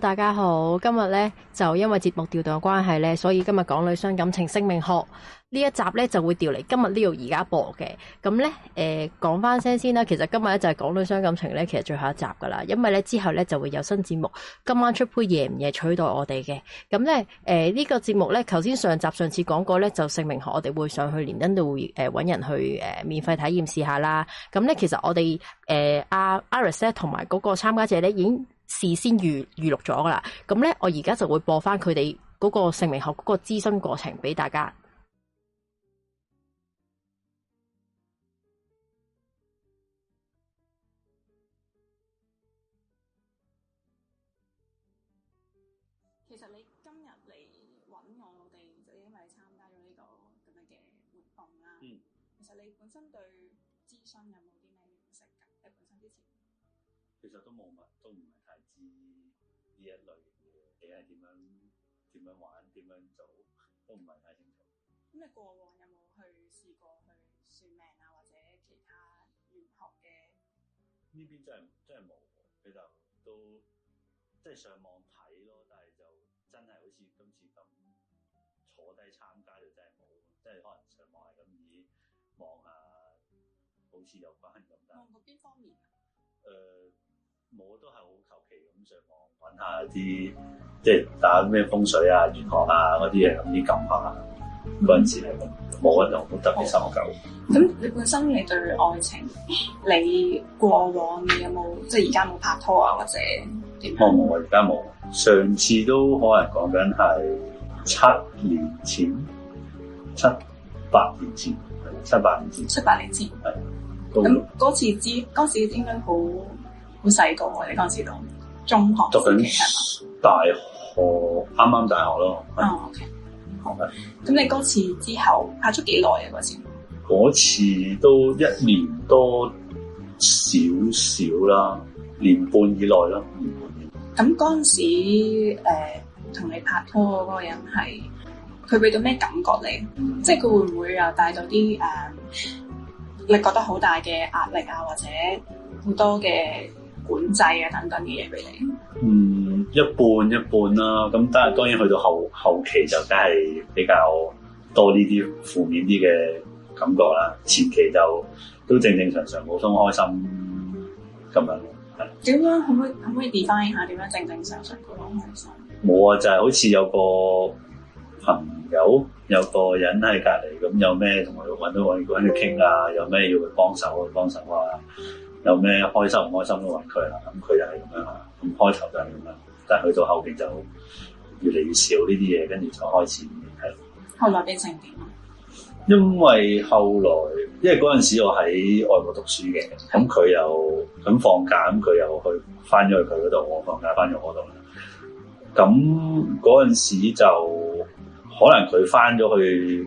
大家好。今日咧就因為節目調動嘅關係咧，所以今日港女傷感情性學、姓名學呢一集咧就會調嚟。今日呢度而家播嘅，咁咧誒講翻聲先啦。其實今日咧就係、是、港女傷感情咧，其實最後一集噶啦，因為咧之後咧就會有新節目。今晚出杯夜唔夜取代我哋嘅，咁咧誒呢、呃這個節目咧，頭先上集上次講過咧，就姓名學，我哋會上去連登度誒搵人去誒、呃、免費體驗試下啦。咁咧其實我哋誒阿 Aris 咧同埋嗰個參加者咧已經。事先預預錄咗噶啦，咁咧我而家就會播翻佢哋嗰個姓名學嗰個諮詢過程俾大家。其實你今日嚟揾我，我哋就已經係參加咗呢個咁樣嘅活動啦。嗯。其實你本身對諮詢有冇啲咩認識噶？喺本身之前。其實都冇乜，都唔。呢呢一類嘅嘢，你係點樣點樣玩，點樣做，都唔係太清楚。咁你過往有冇去試過去算命啊，或者其他玄學嘅？呢邊真係真係冇，比較都即係上網睇咯，但係就真係好似今次咁坐低參加就真係冇，即係可能上網係咁以望啊，好似有關咁，但望過邊方面啊？誒、呃。我都係好求其咁上網揾下一啲，即係打咩風水啊、玄學啊嗰啲嘢咁啲咁下。嗰陣時係冇冇人同我搭，其實我夠。咁、哦、你本身你對愛情，你過往你有冇即係而家冇拍拖啊？或者我我而家冇，上次都可能講緊係七年前、七八年前、七八年前。七八年前。咁嗰次之，當時應該好。好細個我哋嗰陣時讀中學，讀緊大學，啱啱吧大學咯。哦、oh，OK, okay. 好，咁你嗰次之後次拍咗幾耐啊？嗰次嗰次都一年多少少啦，年半以內咯。咁嗰陣時，同、呃、你拍拖嗰個人係佢俾到咩感覺你？嗯、即係佢會唔會又帶到啲誒、呃、你覺得好大嘅壓力啊，或者好多嘅？嗯管制啊等等嘅嘢俾你，嗯，一半一半啦、啊。咁但係當然去到後後期就梗係比較多呢啲負面啲嘅感覺啦。前期就都正正常常普通開心咁樣、啊。係點樣可唔可以可唔可以 define 下點樣正正常常好開心？冇啊、嗯，就係好似有個朋友有個人喺隔籬咁，有咩同我揾到我揾佢傾啊，有咩要佢幫手幫手啊。有咩開心唔開心都問佢啦？咁佢又係咁樣嚇，咁開頭就係咁樣，但係去到後邊就越嚟越少呢啲嘢，跟住就開始係。後來變成點？因為後來，因為嗰陣時我喺外國讀書嘅，咁佢又咁放假，咁佢又去翻咗去佢嗰度，我放假翻咗我度。咁嗰陣時就可能佢翻咗去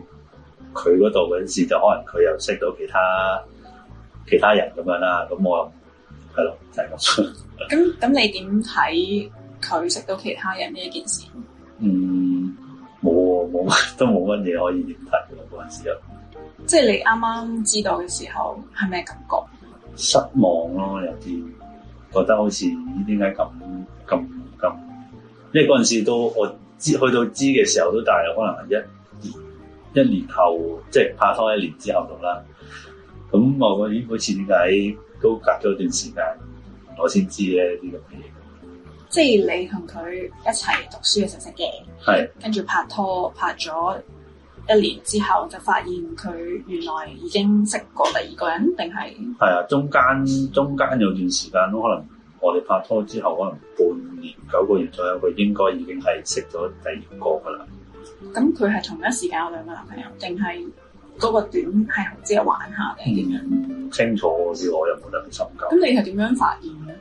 佢嗰度嗰陣時，就可能佢又識到其他。其他人咁樣啦，咁我係咯，就係咁。咁 咁，你點睇佢識到其他人呢一件事？嗯，冇啊，冇都冇乜嘢可以談喎，嗰陣時啊。即係你啱啱知道嘅時候係咩感覺？失望咯，有啲覺得好似點解咁咁咁？因為嗰陣時都我知去到知嘅時候都，大約可能係一年，一年後，即係拍拖一年之後咁啦。咁我嗰啲好似點解都隔咗一段時間，我先知咧啲咁嘅嘢。即係你同佢一齊讀書嘅時候識嘅，跟住是拍拖拍咗一年之後，就發現佢原來已經識過第二個人，定係？係啊，中間中間有段時間，可能我哋拍拖之後，可能半年九個月左右，佢應該已經係識咗第二個㗎喇。咁佢係同一時間有兩個男朋友，定係？嗰個點係唔知玩下定係點樣、嗯？清楚啲我又冇得去深究。咁你係點樣發現咧？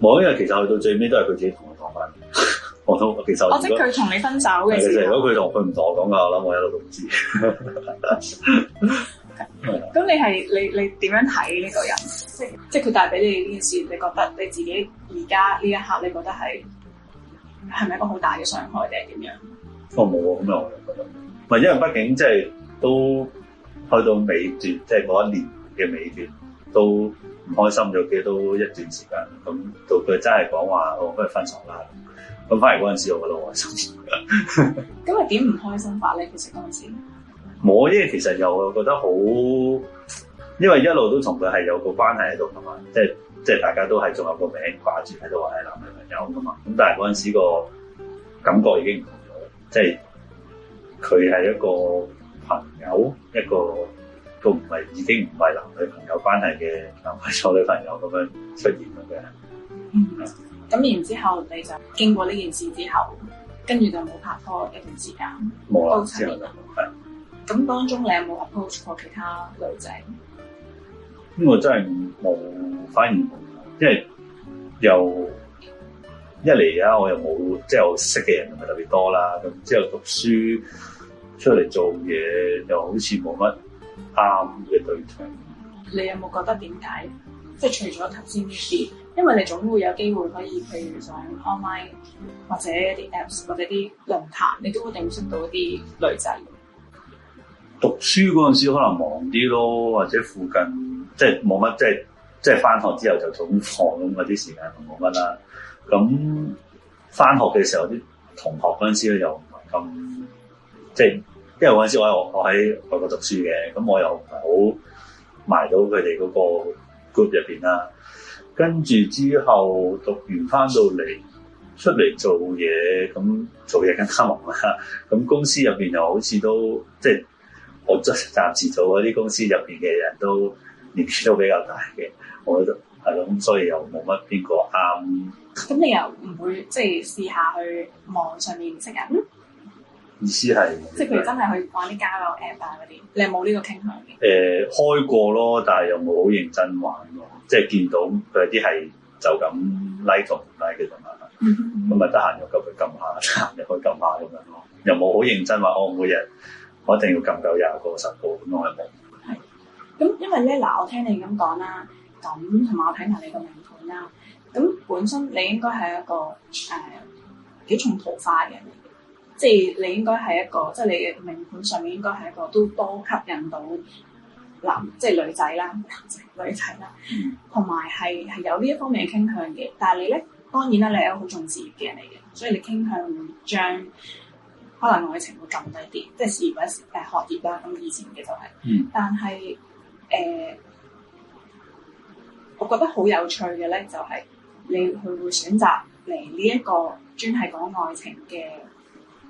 冇，因為其實去到最尾都係佢自己同我講翻。 我都其實我，或者佢同你分手嘅時候。如果佢同佢唔同我講噶，我諗我一路都唔知。咁 Okay. 你係你你點樣睇呢個人？就是、即即佢帶俾你呢件事，你覺得你自己而家呢一刻，你覺得係係咪一個好大嘅傷害定係點樣？哦、我冇喎，咁又我又覺得，唔、嗯、因為畢竟即、就、係、是、都。去到尾段，即係嗰一年嘅尾段，都唔開心咗嘅，都一段時間。咁到佢真係講話，我不如分手啦。咁翻嚟嗰陣時，我覺得好心碎啊。咁係點唔開心法咧？ 其實嗰陣時，我咧其實又覺得好，因為一路都同佢係有個關係喺度噶嘛，即係即係大家都係仲有個名掛住喺度係男女朋友噶嘛。咁但係嗰陣時個感覺已經唔同咗，即係佢係一個。朋友一個，都唔係已經唔係男女朋友關係嘅，男朋友女朋友咁樣出現咁嘅。嗯。咁是然之後，你就經過呢件事之後，跟住就冇拍拖一段時間，都七年啦。係。咁是當中你有冇 approach 過其他女仔？呢個、嗯、真係冇，反而因為又一嚟啊，我又冇即係我識嘅人唔係特別多啦。咁之後讀書。出嚟做嘢又好似冇乜啱嘅對象。你有冇覺得點解？即係除咗頭先呢啲，因為你總會有機會可以，譬如上 online 或者一啲 Apps 或者啲論壇，你都一定會識到一啲女仔。讀書嗰陣時可能忙啲咯，或者附近即係冇乜，即係即係翻學之後就做功課咁嗰啲時間就冇乜啦。咁翻學嘅時候啲同學嗰陣時咧又唔係咁。即係，因為嗰陣時我喺我喺外國讀書嘅，咁我又唔係好埋到佢哋嗰個 group 入邊啦。跟住之後讀完翻到嚟，出嚟做嘢，咁做嘢更加忙啦。咁、嗯、公司入邊又好似都即係，我暫時做嗰啲公司入邊嘅人都年紀都比較大嘅，我係咯，咁所以又冇乜邊個啱。咁你又唔會即係試下去網上面識人？意思係，即係佢真係去玩啲交友 app 啊嗰啲，啊、你有冇呢個傾向嘅？誒、呃，開過咯，但係又冇好認真玩喎。即係見到佢有啲係就咁 like 同唔 like 嘅啫嘛。咁咪得閒又撳佢撳下，又可以撳下咁樣咯。又冇好認真話，我每日我一定要撳夠廿個十個咁我一定。係，咁因為咧嗱，我聽你咁講啦，咁同埋我睇埋你個名盤啦，咁本身你應該係一個誒幾、呃、重桃花嘅即係你應該係一個，即係你嘅命盤上面應該係一個都多吸引到男， 即係女仔啦，男 仔女仔啦，同埋係係有呢一方面嘅傾向嘅。但係你咧，當然啦，你係一個好重事業嘅人嚟嘅，所以你傾向將可能愛情會撳低啲，即係事業或者誒學業啦。咁以前嘅就係、是，嗯、但係誒、呃，我覺得好有趣嘅咧，就係、是、你佢會選擇嚟呢一個專係講愛情嘅。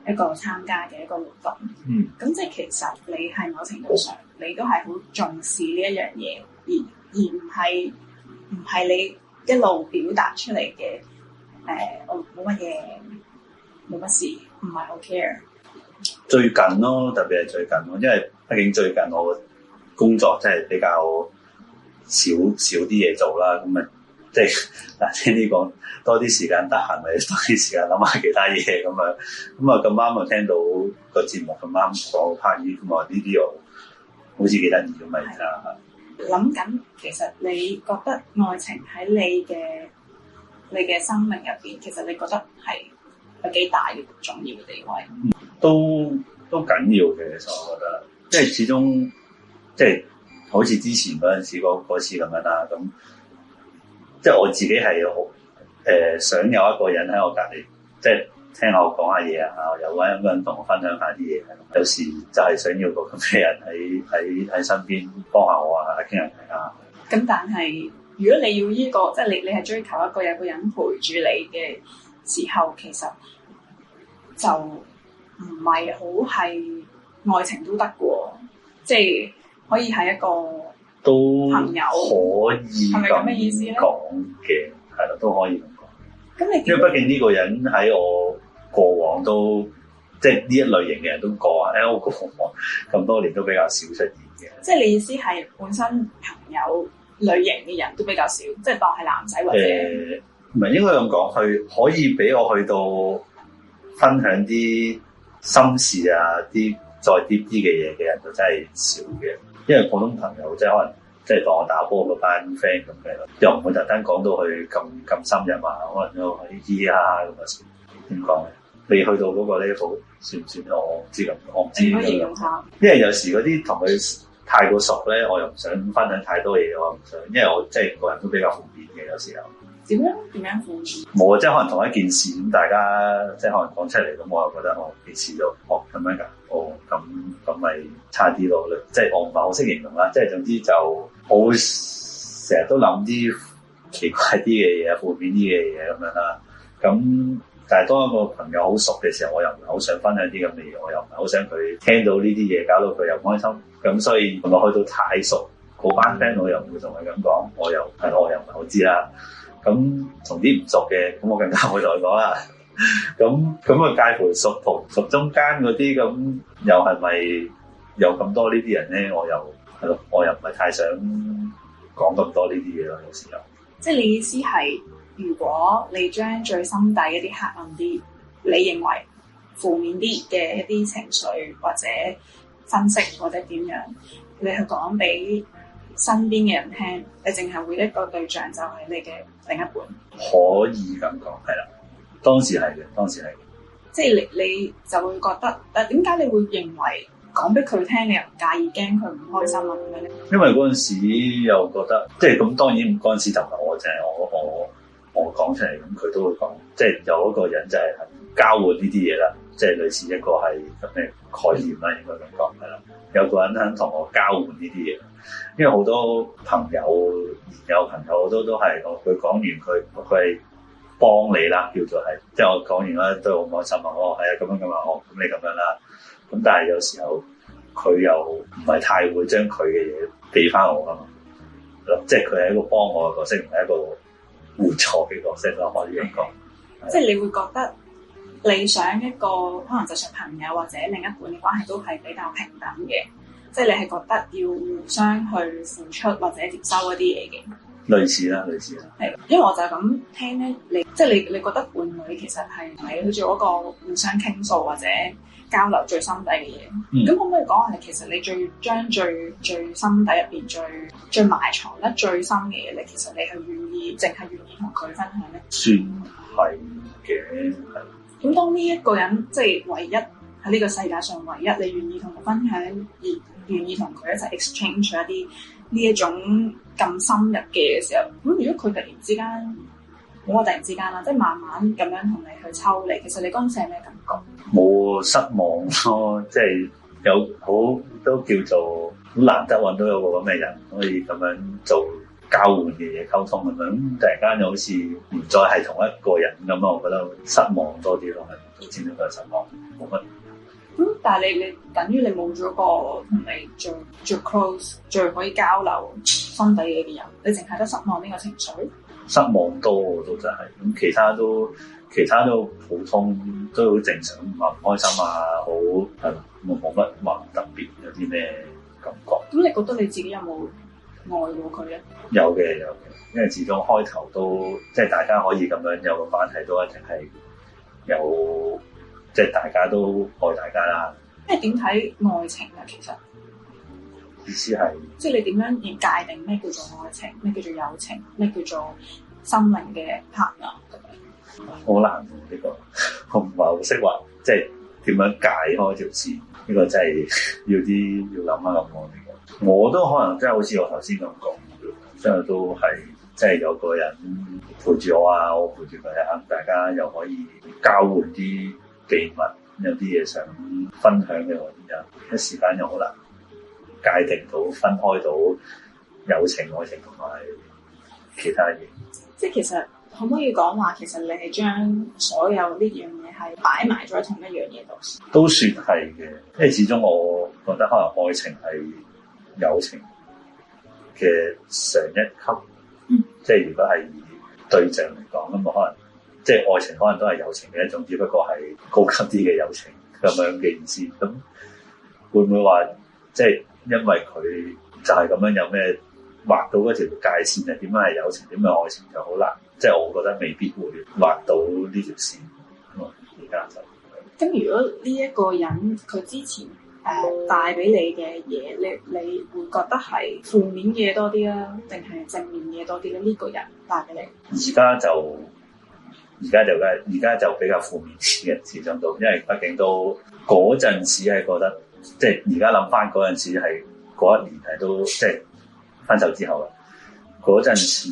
一個參加嘅一個活動，咁、嗯、即係其實你係某程度上，你都係好重視呢一樣嘢，而而唔係唔係你一路表達出嚟嘅誒，我冇乜嘢，冇乜事，唔係好 care。最近咯，特別係最近咯，因為畢竟最近我工作真係比較少少啲嘢做啦，咁咪。即係嗱，聽你講多啲時間，得閒咪多啲時間諗下其他嘢咁樣。咁啊咁啱又聽到個節目咁啱講拍片，咁啊呢啲又好似幾得意咁咪。而家諗緊，其實你覺得愛情喺你嘅你嘅生命入邊，其實你覺得係有幾大嘅重要嘅地位？嗯，都都緊要嘅，其實我覺得，即係始終即係好似之前嗰陣時嗰次咁樣啦，咁、嗯。即係我自己係好誒，想有一個人喺我隔離，即係聽下我講下嘢啊，又搵人同我分享下啲嘢。有時就係想要個咁嘅人喺喺喺身邊幫下我啊，傾下偈啊。咁但係如果你要依、這個，即、就、係、是、你你係追求一個有一個人陪住你嘅時候，其實就唔係好係愛情都得嘅喎，即係可以喺、就是、一個。都可以係咪咁嘅意思？講嘅，係啦、嗯，都可以咁講。咁你因為畢竟呢個人喺我過往都即係呢一類型嘅人都過啊，喺、嗯、我服務咁多年都比較少出現嘅。即係你意思係本身朋友類型嘅人都比較少，即係當係男仔或者？唔係、呃、應該咁講，去可以俾我去到分享啲心事啊，啲再啲啲嘅嘢嘅人都真係少嘅。嗯因為普通朋友即係可能即係當我打波嗰班 friend 咁嘅咯，又唔會特登講到佢咁咁深入嘛，可能都呢啲啊，哈哈咁啊，點講咧？未去到嗰個 level 算唔算我唔知？我唔知。知知因為有時嗰啲同佢太過熟咧，我又唔想分享太多嘢，我唔想，因為我即係個人都比較顧面嘅，有時候。點樣？點樣冇啊！即係可能同一件事咁，大家即係可能講出嚟咁，我又覺得哦，件事就哦咁樣㗎。哦，咁咁咪差啲咯。即係我唔係好識形容啦。即係總之就好，成日都諗啲奇怪啲嘅嘢，負面啲嘅嘢咁樣啦。咁但係當一個朋友好熟嘅時候，我又唔係好想分享啲咁嘅嘢，我又唔係好想佢聽到呢啲嘢，搞到佢又唔開心。咁所以我去到太熟嗰班 friend，我又唔會同佢咁講。我又係、嗯、我又唔係好知啦。咁同啲唔熟嘅，咁我更加唔會同佢講啦。咁咁啊介乎熟同熟中間嗰啲，咁又係咪有咁多呢啲人咧？我又係咯，我又唔係太想講咁多呢啲嘢咯，有時候。即係你意思係，如果你將最心底一啲黑暗啲，你認為負面啲嘅一啲情緒或者分析或者點樣，你去講俾身邊嘅人聽，你淨係會一個對象就係你嘅另一半。可以咁講，係啦，當時係嘅，當時係嘅。即係你你就會覺得，誒點解你會認為講俾佢聽，你又唔介意驚佢唔開心啊咁樣咧？因為嗰陣時又覺得，即係咁當然嗰陣時就唔係我，就係我我我講出嚟咁，佢都會講，即係有一個人就係交換呢啲嘢啦。即係類似一個係咁嘅概念啦，應該咁講係啦。有個人肯同我交換呢啲嘢，因為好多朋友、現有朋友好多都係我佢講完佢佢係幫你啦，叫做係即係我講完啦，都好開心啊！哦，係啊，咁樣咁樣啊，哦，咁你咁樣啦。咁但係有時候佢又唔係太會將佢嘅嘢俾翻我㗎嘛，即係佢係一個幫我嘅角色，唔係一個互助嘅角色咯，可以咁講。即係你會覺得。你想一個可能就算朋友或者另一半嘅關係都係比較平等嘅，即係你係覺得要互相去付出或者接收一啲嘢嘅。類似啦，類似啦。係，因為我就係咁聽咧，你即係你你覺得伴侶其實係係去做一個互相傾訴或者交流最心底嘅嘢。咁、嗯、可唔可以講係其實你最將最最心底入邊最最埋藏得最深嘅嘢，你其實你係願意淨係願意同佢分享咧？算係嘅。咁當呢一個人即係唯一喺呢個世界上唯一你願意同佢分享而願意同佢一齊 exchange 一啲呢一種咁深入嘅嘢嘅時候，咁如果佢突然之間，冇，我突然之間啦，即係慢慢咁樣同你去抽離，其實你嗰陣時係咩感覺？冇失望咯，啊，即係有好都叫做好難得揾到有個咁嘅人可以咁樣做。交換嘅嘢溝通咁樣，突然間就好似唔再係同一個人咁啊！我覺得失望多啲咯，係都始終都係失望，冇乜。咁但係你你等於你冇咗個同你最最 close、最可以交流心底嘢嘅人，你淨係得失望呢個情緒？失望多，我都真係咁，其他都其他都普通，都好正常，唔話唔開心啊，好係冇冇乜話特別，有啲咩感覺？咁你覺得你自己有冇？愛過佢嘅？有嘅，有嘅，因為始終開頭都即係大家可以咁樣有個關係，都一定係有，即係大家都愛大家啦。即係點睇愛情啊？其實意思係即係你點樣要界定咩叫做愛情，咩叫做友情，咩叫做心靈嘅 partner 咁樣？好難同呢個，我唔係好識話，即係點樣解開條線？呢個真係要啲要諗一諗我。我都可能真係好似我頭先咁講，真係都係即係有個人陪住我啊，我陪住佢啊，大家又可以交換啲秘密，有啲嘢想分享嘅，又一時間又好難界定到、分開到友情、愛情同埋其他嘢。即係其實可唔可以講話，其實你係將所有呢樣嘢係擺埋咗同一樣嘢度。都算係嘅，因為始終我覺得可能愛情係。友情嘅上一級，嗯、即係如果係以對象嚟講，咁啊可能即係愛情，可能都係友情嘅一種，只不過係高級啲嘅友情咁樣嘅意思。咁會唔會話即係因為佢就係咁樣有咩劃到嗰條界線啊？點樣係友情？點樣愛情就好難？即係我覺得未必會劃到呢條線。咁、嗯、啊，而家就咁。嗯、如果呢一個人佢之前？誒，帶俾、呃、你嘅嘢，你你會覺得係負面嘢多啲啦、啊，定係正面嘢多啲咧？呢、這個人帶俾你，而家就而家就嘅，而家就比較負面嘅，始終都因為畢竟都嗰陣時係覺得，即係而家諗翻嗰陣時係嗰一年係都即係分手之後啦，嗰陣時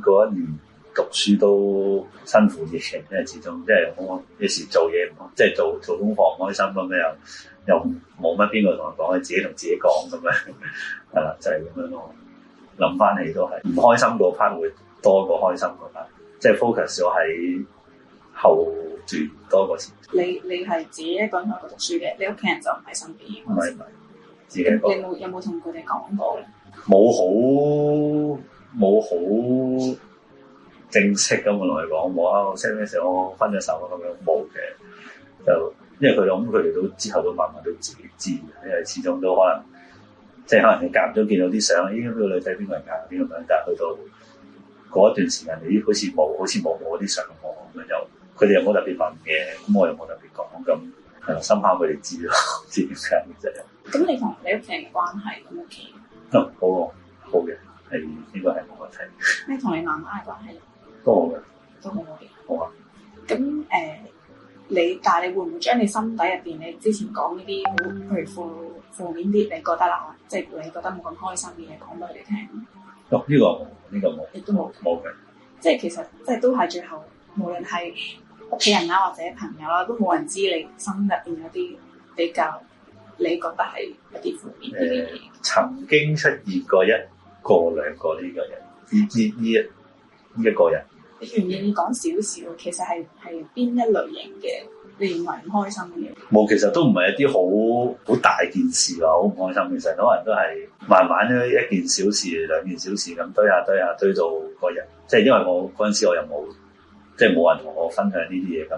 嗰一年讀書都辛苦啲嘅，因為始終即係我有時做嘢即係做做功課開心咁樣。又冇乜邊個同我講，自己同自己講咁 樣係啦，就係咁樣咯。諗翻起都係唔開心嗰 part 會多過開心嗰 part 即係 focus 我喺後段多過前你。你你係自己一個人喺度讀書嘅，你屋企人就唔喺身邊。唔係唔係，自己你。你冇有冇同佢哋講過？冇好、哦，冇好正式咁同佢講。冇啊，我 send message 我分咗手咁樣，冇嘅就。因為佢諗，佢哋都之後都慢慢都自己知。因為始終都可能，即係可能你間唔中見到啲相，咦、哎？邊、那個女仔？邊個樣？邊個樣？但係去到過一段時間，你好似冇，好似冇我啲相我咁樣。又佢哋又冇特別問嘅，咁我又冇特別講咁。係咯、嗯，深怕佢哋知咯，知點解咁你同你屋企人嘅關係咁 OK？好咯，好嘅，係、哎、應該係冇問題。你同、 嗯、你男閨閰關係好嘅，都好嘅。都好，好啊。咁誒。呃你但係，你會唔會將你心底入邊你之前講呢啲好譬如負負面啲，你覺得啊，即係你覺得冇咁開心嘅嘢講俾你哋聽？哦，呢個呢個冇，亦都冇冇嘅。的即係其實，即係都係最後，無論係屋企人啦，或者朋友啦，都冇人知你心入邊有啲比較你覺得係一啲負面啲嘅、呃。曾經出現過一個兩個呢個人，依依依一個人。你願意講少少，其實係係邊一類型嘅？你唔係唔開心嘅嘢？冇，其實都唔係一啲好好大件事啊，好唔開心。其實可能都係慢慢咧，一件小事、兩件小事咁堆下堆下堆到個人。即係因為我嗰陣時我又冇，即係冇人同我分享呢啲嘢，咁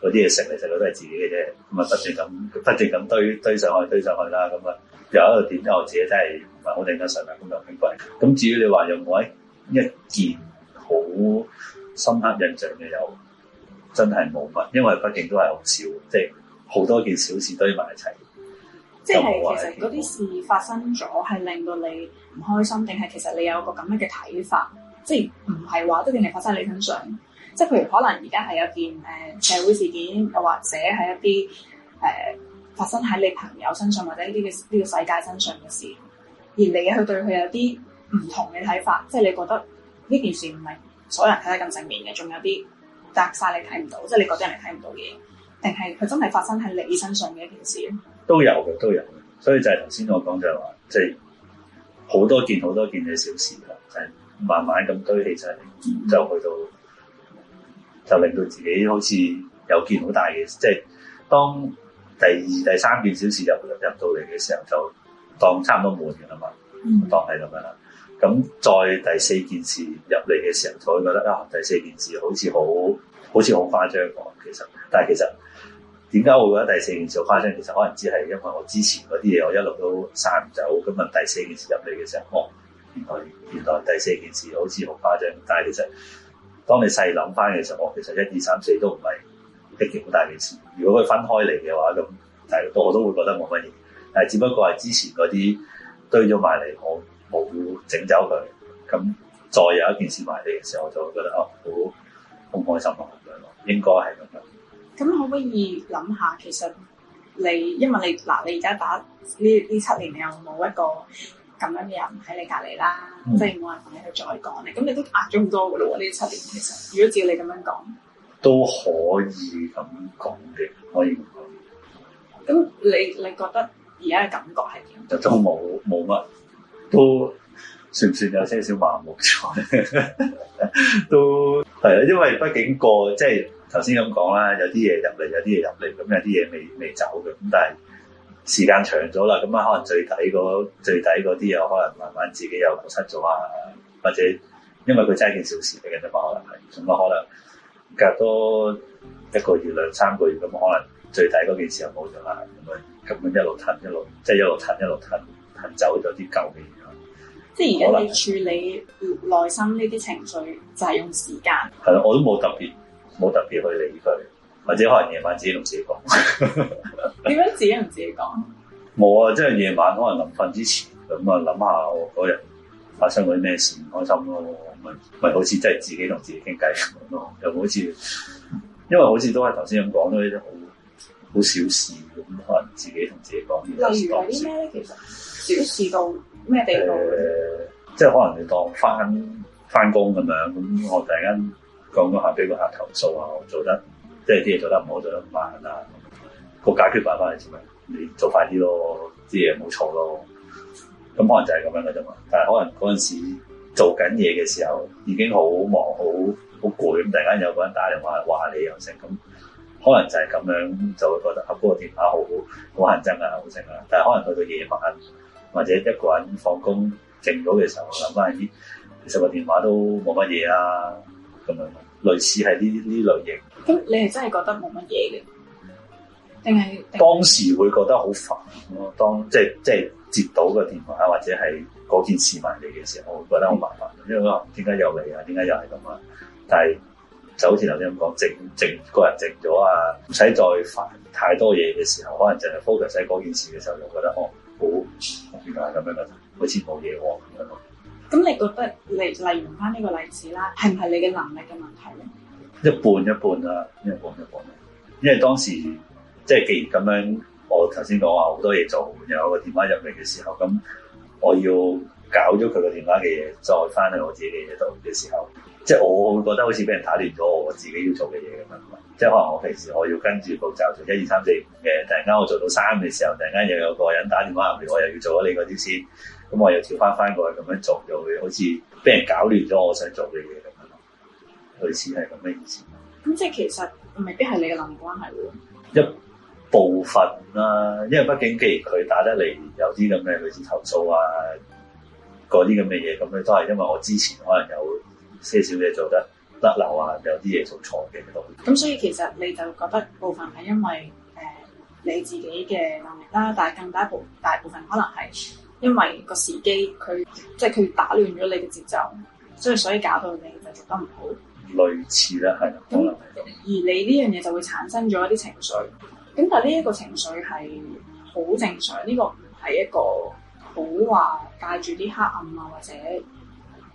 嗰啲嘢食嚟食去都係自己嘅啫。咁啊，不斷咁不斷咁堆堆上去，堆上去啦。咁啊，有一個點咧，我自己真係唔係好認得上，咁就輕貴。咁至於你話有冇喺一件？好深刻印象嘅有，真係冇乜，因為畢竟都係好少，即係好多件小事堆埋一齊。即係其實嗰啲事發生咗，係令到你唔開心，定係其實你有個咁樣嘅睇法？即係唔係話都一定係發生喺你身上。即係譬如可能而家係有件誒、呃、社會事件，又或者係一啲誒、呃、發生喺你朋友身上，或者呢啲嘅呢個世界身上嘅事，而你去對佢有啲唔同嘅睇法，即係你覺得。呢件事唔係所有人睇得咁正面嘅，仲有啲搭晒你睇唔到，即係你嗰啲人嚟睇唔到嘅，定係佢真係發生喺你身上嘅一件事？都有嘅，都有嘅。所以就係頭先我講就係話，即係好多件好多件嘅小事啦，就係、是、慢慢咁堆起，就就去到、嗯、就令到自己好似有件好大嘅，即、就、係、是、當第二第三件小事入入到嚟嘅時候，就當差唔多滿嘅啦嘛，嗯、當係咁樣啦。咁再第四件事入嚟嘅時候，就會覺得啊，第四件事好似好好似好誇張喎、啊。其實，但係其實點解會覺得第四件事好誇張？其實可能只係因為我之前嗰啲嘢，我一路都散唔走咁啊。第四件事入嚟嘅時候，哦、啊，原來原來第四件事好似好誇張，但係其實當你細諗翻嘅時候，我、啊、其實一二三四都唔係一件好大件事。如果佢分開嚟嘅話，咁係我都會覺得冇乜嘢。但係只不過係之前嗰啲堆咗埋嚟，我冇。整走佢，咁再有一件事埋嚟嘅時候，我就會覺得哦，好好開心啊咁樣咯，應該係咁樣。咁可唔可以諗下，其實你，因為你嗱，你而家打呢呢七年，你有冇一個咁樣嘅人喺你隔離啦，即係冇人同你去再講咧。咁你都壓咗咁多嘅咯喎，呢七年其實，如果照你咁樣講，都可以咁講嘅，可以咁講。咁你你覺得而家嘅感覺係點？就都冇冇乜，都。算唔算有些少麻木咗？ 都係啊，因為畢竟過即係頭先咁講啦，有啲嘢入嚟，有啲嘢入嚟，咁有啲嘢未未走嘅。咁但係時間長咗啦，咁啊可能最底嗰最底啲又可能慢慢自己又流失咗啊，或者因為佢真係件小事嚟嘅啫嘛，可能係咁啊，可能隔多一個月兩三個月咁，可能最底嗰件事又冇咗啦。咁啊，咁啊一路吞一路即係、就是、一路吞一路吞吞走咗啲舊嘅。即係而家你處理內心呢啲情緒，就係用時間？係咯，我都冇特別冇特別去理佢，或者可能夜晚自己同自己講。點 樣自己同自己講？冇啊， 即係夜晚可能臨瞓之前咁啊，諗下我嗰日發生過啲咩事唔開心咯，咪咪好似即係自己同自己傾偈咁咯，又好似因為好似都係頭先咁講啲好好小事咁，可能自己同自己講。例如係啲咩咧？其實小事到。咩地、呃、即係可能你當翻翻工咁樣，咁我突然間講咗下俾個客投訴話我做得即係啲嘢做得唔好，做得唔啱啊！個解決辦法係咩？你做快啲咯，啲嘢冇錯咯。咁可能就係咁樣嘅啫嘛。但係可能嗰陣時做緊嘢嘅時候已經好忙、好好攰，咁突然間有個人打電話話你又成。咁可能就係咁樣就會覺得啊，嗰、個電話好好好認真啊，好成啊，啊。但係可能去到夜晚。或者一個人放工靜咗嘅時候，諗翻起其實個電話都冇乜嘢啊，咁樣類似係呢呢類型。咁你係真係覺得冇乜嘢嘅，定係當時會覺得好煩咯。當即即係接到個電話或者係嗰件事嚟嘅時候，我會覺得好麻煩。因為我點解又嚟啊？點解又係咁啊，啊？但係就好似頭先咁講，靜靜個人靜咗啊，唔使再煩太多嘢嘅時候，可能淨係 focus 嗰件事嘅時候，就覺得哦。好，原來咁樣嘅，好似冇嘢喎，咁樣咯。咁你覺得嚟，例如翻呢個例子啦，係唔係你嘅能力嘅問題咧、啊？一半一半啦，一半一半啦。因為當時即係既然咁樣，我頭先講話好多嘢做，有個電話入嚟嘅時候，咁我要搞咗佢個電話嘅嘢，再翻去我自己嘅嘢度嘅時候。即係我會覺得好似俾人打亂咗我自己要做嘅嘢咁樣，即係可能我平時我要跟住步驟做一二三四五嘅，突然間我做到三嘅時候，突然間又有個人打電話入嚟，我又要做咗你嗰啲先，咁、嗯、我又跳翻翻過去咁樣做，就會好似俾人搞亂咗我想做嘅嘢咁樣，類似係咁嘅意思。咁即係其實未必係你嘅能力關係喎。一部分啦、啊，因為畢竟既然佢打得嚟有啲咁嘅類似投訴啊，嗰啲咁嘅嘢，咁樣都係因為我之前可能有。些少嘢做得得啦，啊，有啲嘢做錯嘅都。咁所以其實你就覺得部分係因為誒、呃、你自己嘅能力啦，但係更大部大部分可能係因為個時機佢即係佢打亂咗你嘅節奏，所以所以搞到你就做得唔好。類似啦，係咁。那而你呢樣嘢就會產生咗一啲情緒，咁但係呢一個情緒係好正常，呢、這個唔係一個好話帶住啲黑暗啊或者。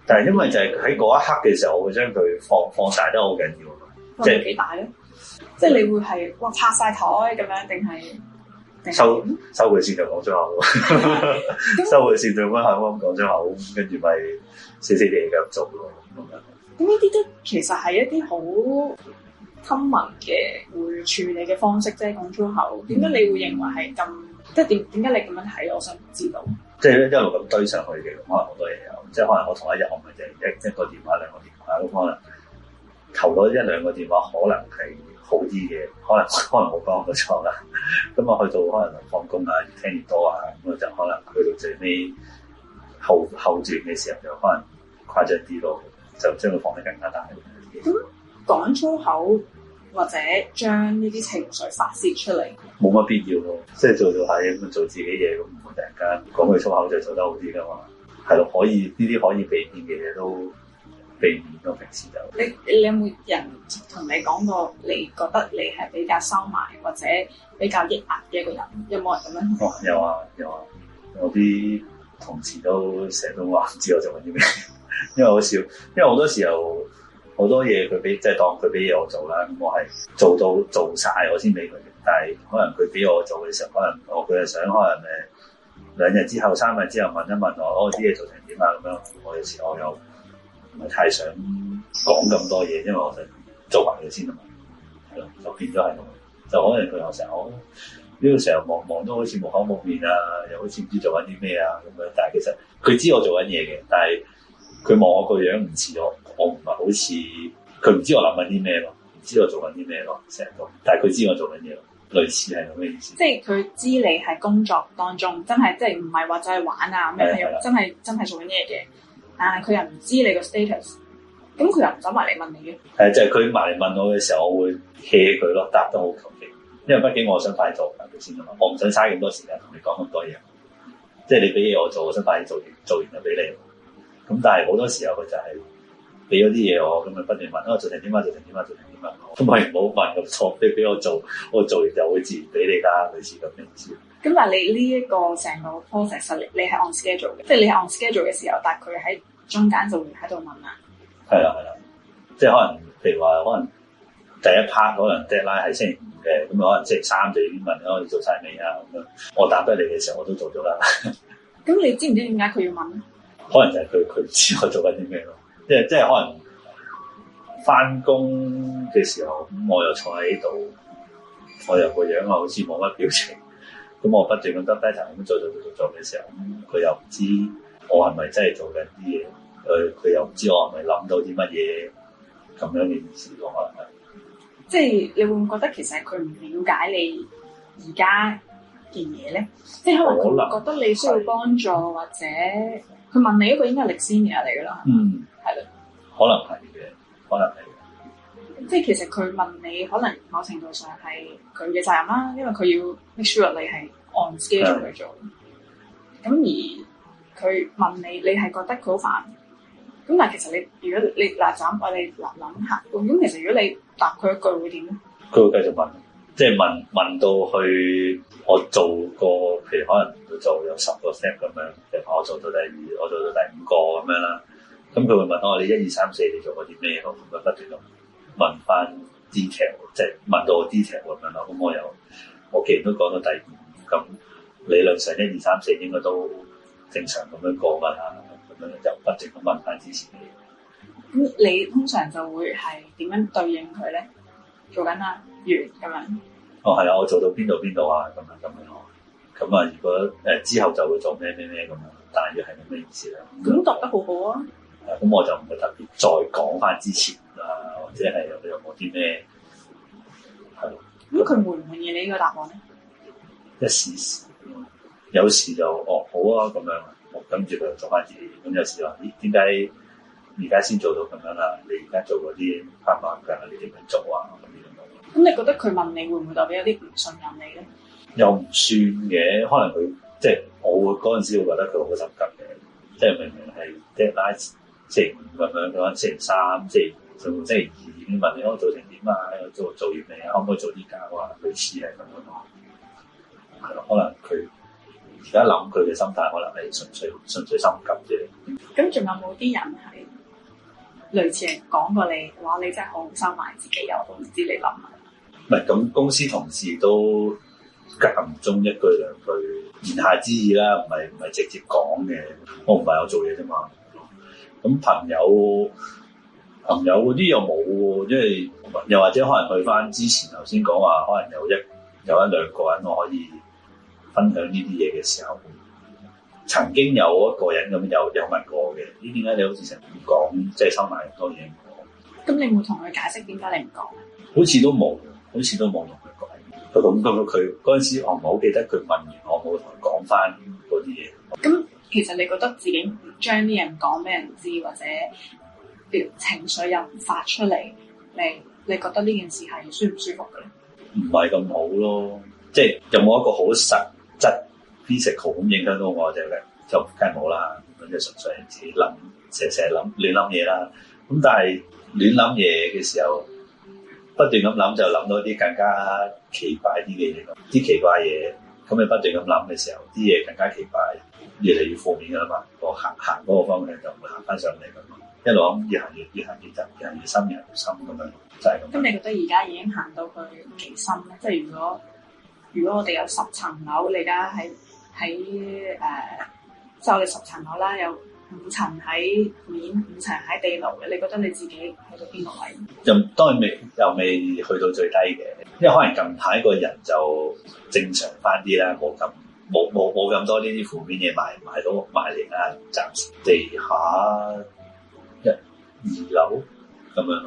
但係因為就係喺嗰一刻嘅時候，我會將佢放放大得好緊要咯、嗯就是。即係幾大咧？即係你會係哇拆晒台咁樣，定係收回收佢先，出就講粗口；收佢先，就屈下我咁講粗口，跟住咪死死哋咁做咯。咁呢啲都其實係一啲好 common 嘅會處理嘅方式，即係講粗口。點解你會認為係咁？即係點點解你咁樣睇？我想知道。即係一路咁堆上去嘅，可能好多嘢有。即係可能我同一日我咪就一一個電話兩個電話，咁可能投咗一兩個電話，可能係好啲嘅。可能可能我講冇錯啦。咁 啊去到可能放工啊聽越多啊，咁就可能去到最尾後後段嘅時候就可能誇張啲咯，就將佢放得更加大。咁、嗯、講粗口或者將呢啲情緒發泄出嚟，冇乜必要咯。即係做做下嘢咁做自己嘢咁。突然間講句粗口就做得好啲噶嘛，係咯，可以呢啲可以避免嘅嘢都避免咯。平時就你你有冇人同你講過？你覺得你係比較收埋或者比較抑壓嘅一個人？有冇人咁樣？有啊有啊，有啲、啊、同事都成日都話：知我做緊啲咩？因為好笑，因為好多時候好多嘢佢俾即係當佢俾嘢我做啦，咁我係做到做晒，我先俾佢。但係可能佢俾我做嘅時候，可能我佢係想可能誒。Κ? 兩日之後、三日之後問一問我，哦啲嘢做成點啊？咁樣我有時我又唔係太想講咁多嘢，因為我就做埋嘢先啊嘛。係咯，就變咗係咁，就可能佢又成日我呢、這個成日望望都好似木口木面啊，又好似唔知做緊啲咩啊咁樣。但係其實佢知我做緊嘢嘅，但係佢望我個樣唔似我，我唔係好似佢唔知我諗緊啲咩咯，唔知我做緊啲咩咯成日都，但係佢知我做緊嘢咯。類似係咁嘅意思，即係佢知你喺工作當中真係，即係唔係話就係玩啊咩，係真係真係做緊嘢嘅。但係佢又唔知你個 status，咁佢又唔走埋嚟問你嘅。係就係佢埋嚟問我嘅時候，我會 hea 佢咯，答得好求其，因為畢竟我想快做先噶嘛。我唔想嘥咁多時間同你講咁多嘢，即係你俾嘢我做，我想快啲做完，做完就俾你。咁但係好多時候佢就係、是。俾咗啲嘢我，咁咪不斷問，我做成點啊？做成點啊？做成點問我。咁係唔好問咁錯，你俾我做，我做完就會自然俾你㗎。類似咁嘅意思。咁嗱，你呢一個成個 process，你係按 schedule 嘅，即係你係按 schedule 嘅時候，但係佢喺中間就會喺度問啦、啊。係啦，係啦，即係可能，譬如話，可能第一 part 可能 deadline 係星期五嘅，咁可能星期三就已經問我做晒未啊咁樣。我答得你嘅時候，我都做咗啦。咁 你知唔知點解佢要問，可能就係佢佢唔知我做緊啲咩咯。即係即係可能返工嘅時候，咁我又坐喺度，我又個樣啊，好似冇乜表情。咁我不斷咁得低 d 咁做做做做做嘅時候，佢又唔知我係咪真係做緊啲嘢，佢佢又唔知我係咪諗到啲乜嘢。咁樣嘅意思囉，可能即係你會唔會覺得其實佢唔了解你而家嘅嘢咧？即係可能佢覺得你需要幫助或者。佢問你一個應該係 l e x 嚟㗎啦，嗯，係咯的，可能係嘅，可能係嘅。即係其實佢問你，可能某程度上係佢嘅責任啦，因為佢要 make sure 你係 on schedule 對去做。咁而佢問你，你係覺得佢好煩。咁但係其實你如果你嗱，斬我哋你嗱諗下，咁其實如果你答佢一句會點咧？佢會繼續問。即係問問到去我做個，譬如可能做有十個 step 咁樣，譬如我做到第二，我做到第五個咁樣啦。咁佢會問我：你一二三四你做過啲咩咯？咁樣不斷咁問翻 detail，即係問到 detail 咁樣啦。咁我又、嗯、我，我既然都講到第五，咁理論上一二三四應該都正常咁樣過問下咁樣，就不斷咁問翻之前嘅嘢。咁你通常就會係點樣對應佢咧？做緊啊，完咁樣。哦，係啊，我做到邊度邊度啊，咁啊咁樣咯。咁啊，如果誒、呃、之後就會做咩咩咩咁樣，大約係咁嘅意思啦。咁做得好好啊。咁、啊、我就唔會特別再講翻之前啊，或者係有冇啲咩。如果佢滿唔滿意你呢個答案咧？一時時，有時就哦好啊咁樣，我跟住佢做翻自己。咁有時話咦點解而家先做到咁樣啦？你而家做嗰啲拍爬強啊，你點樣做啊？咁你覺得佢問你會唔會代表有啲唔信任你咧？又唔算嘅，可能佢即係我會嗰陣時會覺得佢好心急嘅，即係明明係即係拉即係咁樣嘅話，星期三即係上個星期二已經問你可做成點啊？做做完未啊？可唔可以做啲交啊？類似係咁樣咯，係可能佢而家諗佢嘅心態可能係純粹純粹心急啫。咁仲有冇啲人係類似係講過你嘅話，你真係好收埋自己，又都唔知你諗咁，公司同事都間唔中一句兩句言下之意啦，唔係唔係直接講嘅。我唔係有做嘢啫嘛。咁朋友朋友嗰啲又冇，因為又或者可能去翻之前頭先講話，可能有一有一兩個人我可以分享呢啲嘢嘅時候，曾經有一個人咁有有問過嘅。咦？點解你好似成日唔講，即係收埋咁多嘢？咁你冇同佢解釋點解你唔講？好似都冇。好似都冇同佢講，佢講講到佢嗰陣時，我唔好記得佢問完我冇同佢講翻嗰啲嘢。咁、嗯、其實你覺得自己將啲嘢唔講俾人知，或者情緒又唔發出嚟，你你覺得呢件事係舒唔舒服嘅咧？唔係咁好咯，即係有冇一個好實質 physical 咁影響到我就嘅，就梗係冇啦。咁就純粹係自己諗，成成諗亂諗嘢啦。咁但係亂諗嘢嘅時候。不斷咁諗就諗到啲更加奇怪啲嘅嘢咯，啲奇怪嘢，咁你不斷咁諗嘅時候，啲嘢更加奇怪，越嚟越負面㗎啦嘛，個行行嗰個方向就會行翻上嚟咁咯，一路咁越行越越行越窒，越行越，越，越深越，越深咁、就是、樣，就係咁。咁你、嗯、覺得而家已經行到佢幾深咧？嗯嗯、即係如果如果我哋有十層樓，你而家喺喺誒，即係我哋十層樓啦，有。五層喺面，五層喺地樓嘅。你覺得你自己喺到邊個位？又當然未，又未去到最低嘅，因為可能近排個人就正常翻啲啦，冇咁冇冇冇咁多呢啲負面嘢買買到買嚟啊，暫時地下一二樓咁樣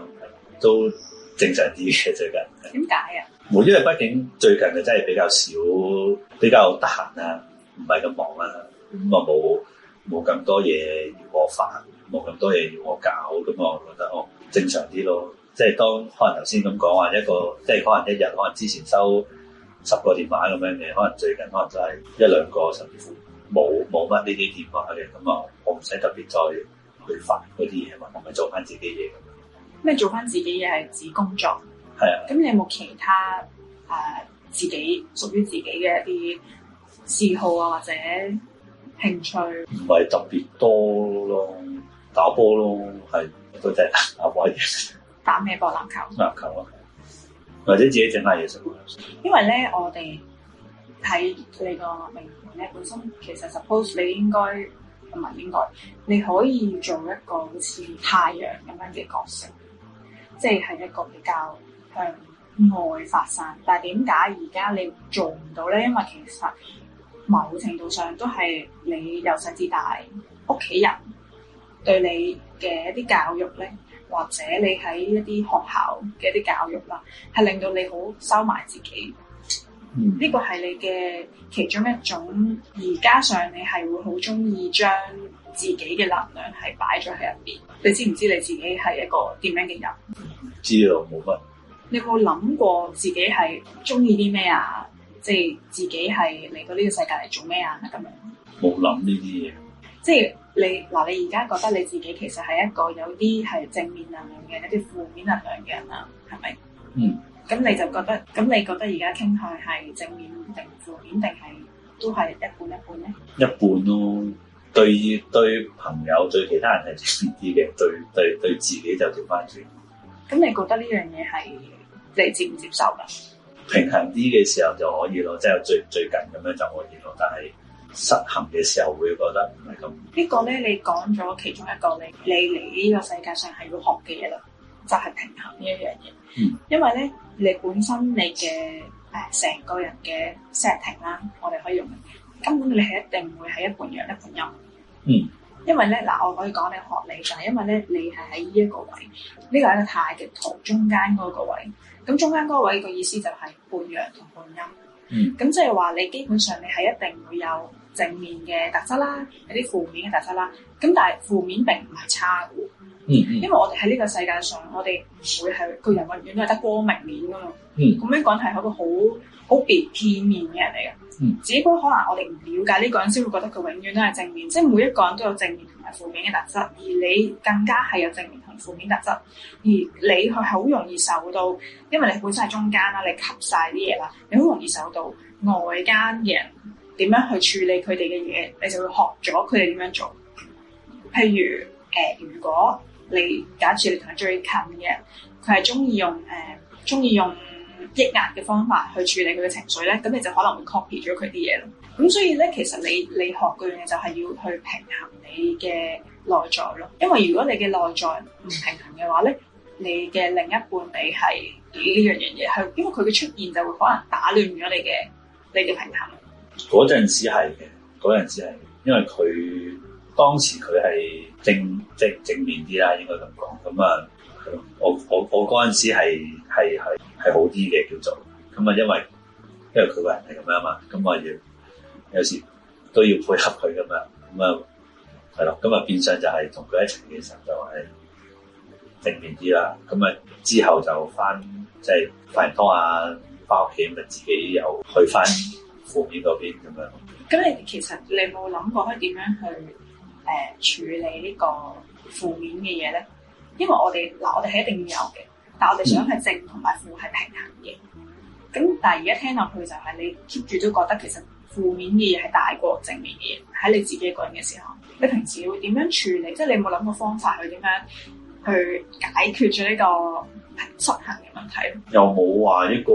都正常啲嘅最近。點解啊？冇，因為畢竟最近就真係比較少，比較得閒啊，唔係咁忙啊，咁啊冇。冇咁多嘢要我煩，冇咁多嘢要我搞，咁我覺得我正常啲咯。即係當可能頭先咁講話一個，即係可能一日可能之前收十個電話咁樣嘅，可能最近可能就係一兩個甚至乎冇冇乜呢啲電話嘅，咁啊我唔使特別再去煩嗰啲嘢，嘛，我咪做翻自己嘢咁樣。咩做翻自己嘢係指工作？係啊的。咁你有冇其他誒、呃、自己屬於自己嘅一啲嗜好啊？或者？興趣唔係特別多咯，打波咯，係都即阿打，打咩波？籃球。籃球咯，或者自己整下嘢食。因為咧，我哋睇你個名盤咧，本身其實 suppose 你應該唔係應該，你可以做一個好似太陽咁樣嘅角色，即係係一個比較向外發散。但係點解而家你做唔到咧？因為其實。某程度上都係你由細至大屋企人對你嘅一啲教育咧，或者你喺一啲學校嘅一啲教育啦，係令到你好收埋自己。呢、嗯、個係你嘅其中一種，而加上你係會好中意將自己嘅能量係擺咗喺入邊。你知唔知你自己係一個點樣嘅人？知道，冇乜。你有冇諗過自己係中意啲咩啊？即係自己係嚟到呢個世界嚟做咩啊？咁樣冇諗呢啲嘢。即係你嗱，你而家覺得你自己其實係一個有啲係正面能量嘅，一啲負面能量嘅人啦，啊，係咪？嗯。咁你就覺得，咁你覺得而家傾向係正面定負面，定係都係一半一半咧？一半咯。對對朋友對其他人係特別啲嘅，對對對自己就調翻轉。咁你覺得呢樣嘢係你接唔接受噶？平衡啲嘅時候就可以咯，即係最最近咁樣就可以咯，但係失衡嘅時候會覺得唔係咁。呢個咧你講咗其中一個你你嚟呢個世界上係要學嘅嘢啦，就係平衡呢一樣嘢。嗯，因為咧你本身你嘅誒成個人嘅 setting 啦，我哋可以用根本你係一定唔會係一半陽一半陰。嗯，因為咧嗱，我可以講你學你就係因為咧你係喺呢一個位，呢個係個太極圖中間嗰個位。咁中間嗰位個意思就係半陽同半陰，咁即係話你基本上你係一定會有正面嘅特質啦，有啲負面嘅特質啦。咁但係負面並唔係差嘅。嗯，嗯，因為我哋喺呢個世界上，我哋唔會係個人永遠都係得光明面噶嘛。咁、嗯、樣講係一個好好偏片面嘅人嚟嘅，嗯、只不過可能我哋唔了解呢個人先會覺得佢永遠都係正面，即、就、係、是、每一個人都有正面。負面嘅特質，而你更加係有正面同負面特質，而你係好容易受到，因為你本身喺中間啦，你吸晒啲嘢啦，你好容易受到外間嘅人點樣去處理佢哋嘅嘢，你就會學咗佢哋點樣做。譬如誒、呃，如果你假設你同佢最近嘅佢係中意用誒中意用抑壓嘅方法去處理佢嘅情緒咧，咁你就可能會 copy 咗佢啲嘢咯。咁所以咧，其實你你學嘅嘢就係要去平衡你嘅內在咯。因為如果你嘅內在唔平衡嘅話咧，你嘅另一半你係呢樣嘢嘢，係因為佢嘅出現就會可能打亂咗你嘅你嘅平衡。嗰陣時係，嗰陣時係，因為佢當時佢係正，正，正面啲啦，應該咁講。咁啊，我我我嗰陣時係係係係好啲嘅叫做。咁啊，因為因為佢個人係咁樣嘛，咁我要。有時都要配合佢噶嘛，咁啊係咯，咁啊變相就係同佢一齊嘅時候就話正面啲啦，咁啊之後就翻即係發完劏啊，翻屋企咪自己又去翻負面嗰邊咁樣。咁、嗯、你其實你有冇諗過可以點樣去誒處理呢個負面嘅嘢咧？因為我哋嗱，我哋係一定要有嘅，但係我哋想係正同埋負係平衡嘅。咁但係而家聽落去就係你 keep 住都覺得其實。負面嘅嘢係大過正面嘅嘢，喺你自己一個人嘅時候，你平時會點樣處理？即係你有冇諗過方法去點樣去解決咗呢個失衡嘅問題？又冇話一個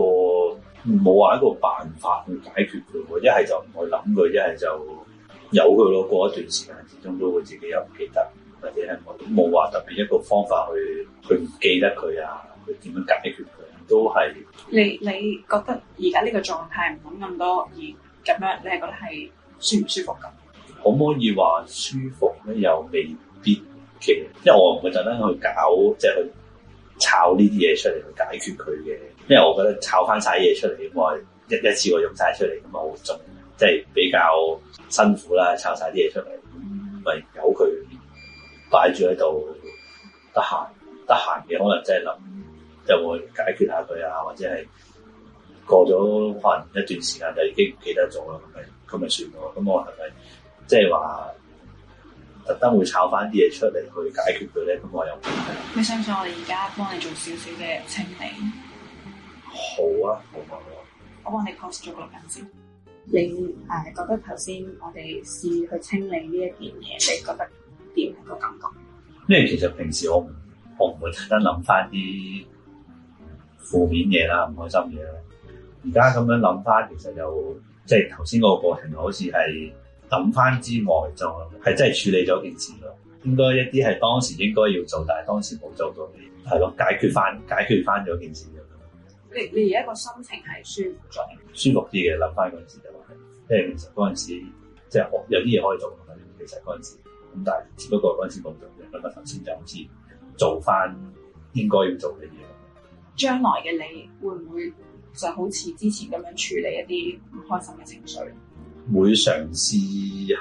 冇話一個辦法去解決佢喎，一係就唔去諗佢，一係就由佢咯。過一段時間始終都會自己又唔記得，或者係冇話特別一個方法去去唔記得佢啊，佢點樣解決佢都係。你你覺得而家呢個狀態唔諗咁多而？咁樣你係覺得係舒唔舒服噶？可唔可以話舒服咧？又未必嘅，因為我唔會特登去搞，即係去炒呢啲嘢出嚟去解決佢嘅。因為我覺得炒翻晒嘢出嚟，我一一次我用晒出嚟咁啊，好重，即係比較辛苦啦。炒晒啲嘢出嚟，咪由佢擺住喺度，得閒得閒嘅可能真係諗，嗯、就會解決下佢啊，或者係。過咗可能一段時間就已經唔記得咗啦，咁咪咁算咯。咁我係咪即係話特登會炒翻啲嘢出嚟去解決佢咧？咁我又會相信我哋而家幫你做少少嘅清理。好啊，好啊，好啊。我幫你 post 咗個文先。你誒覺得頭先我哋試去清理呢一件嘢，你覺得點一個感覺？呢其實平時我唔我唔會特登諗翻啲負面嘢啦，唔開心嘢咯。而家咁樣諗翻，其實有就即係頭先個過程，好似係諗翻之外，就係、是、真係處理咗件事咯。應該一啲係當時應該要做，但係當時冇做到嘅，係咯，解決翻解決翻咗件事嘅。你你而家個心情係舒服咗？舒服啲嘅，諗翻嗰陣時就係、是，即係其實嗰陣時即係我有啲嘢可以做嘅，其實嗰陣時，咁但係只不過嗰陣時冇做不過咁啊，頭先就好似做翻應該要做嘅嘢。將來嘅你會唔會？就好似之前咁樣處理一啲唔開心嘅情緒，會嘗試下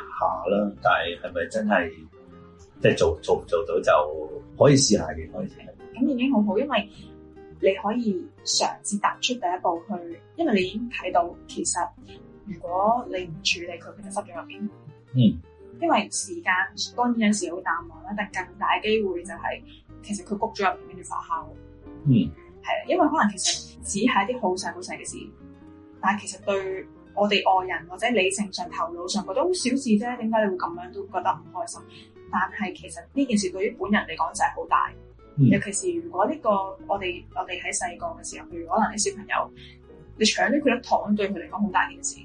啦。但係係咪真係、嗯、即係做做唔做到就可以試下嘅？可以。咁、嗯、已經好好，因為你可以嘗試踏出第一步去，因為你已經睇到其實如果你唔處理佢，佢就塞咗入邊。嗯。因為時間當然有時好淡忘啦，但更大機會就係、是、其實佢谷咗入邊跟住發酵。嗯。因為可能其實只係一啲好細好細嘅事，但係其實對我哋外人或者理性上、頭腦上覺得好小事啫。點解你會咁樣都覺得唔開心？但係其實呢件事對於本人嚟講就係好大，嗯、尤其是如果呢個我哋我哋喺細個嘅時候，譬如可能啲小朋友你搶咗佢粒糖，對佢嚟講好大件事。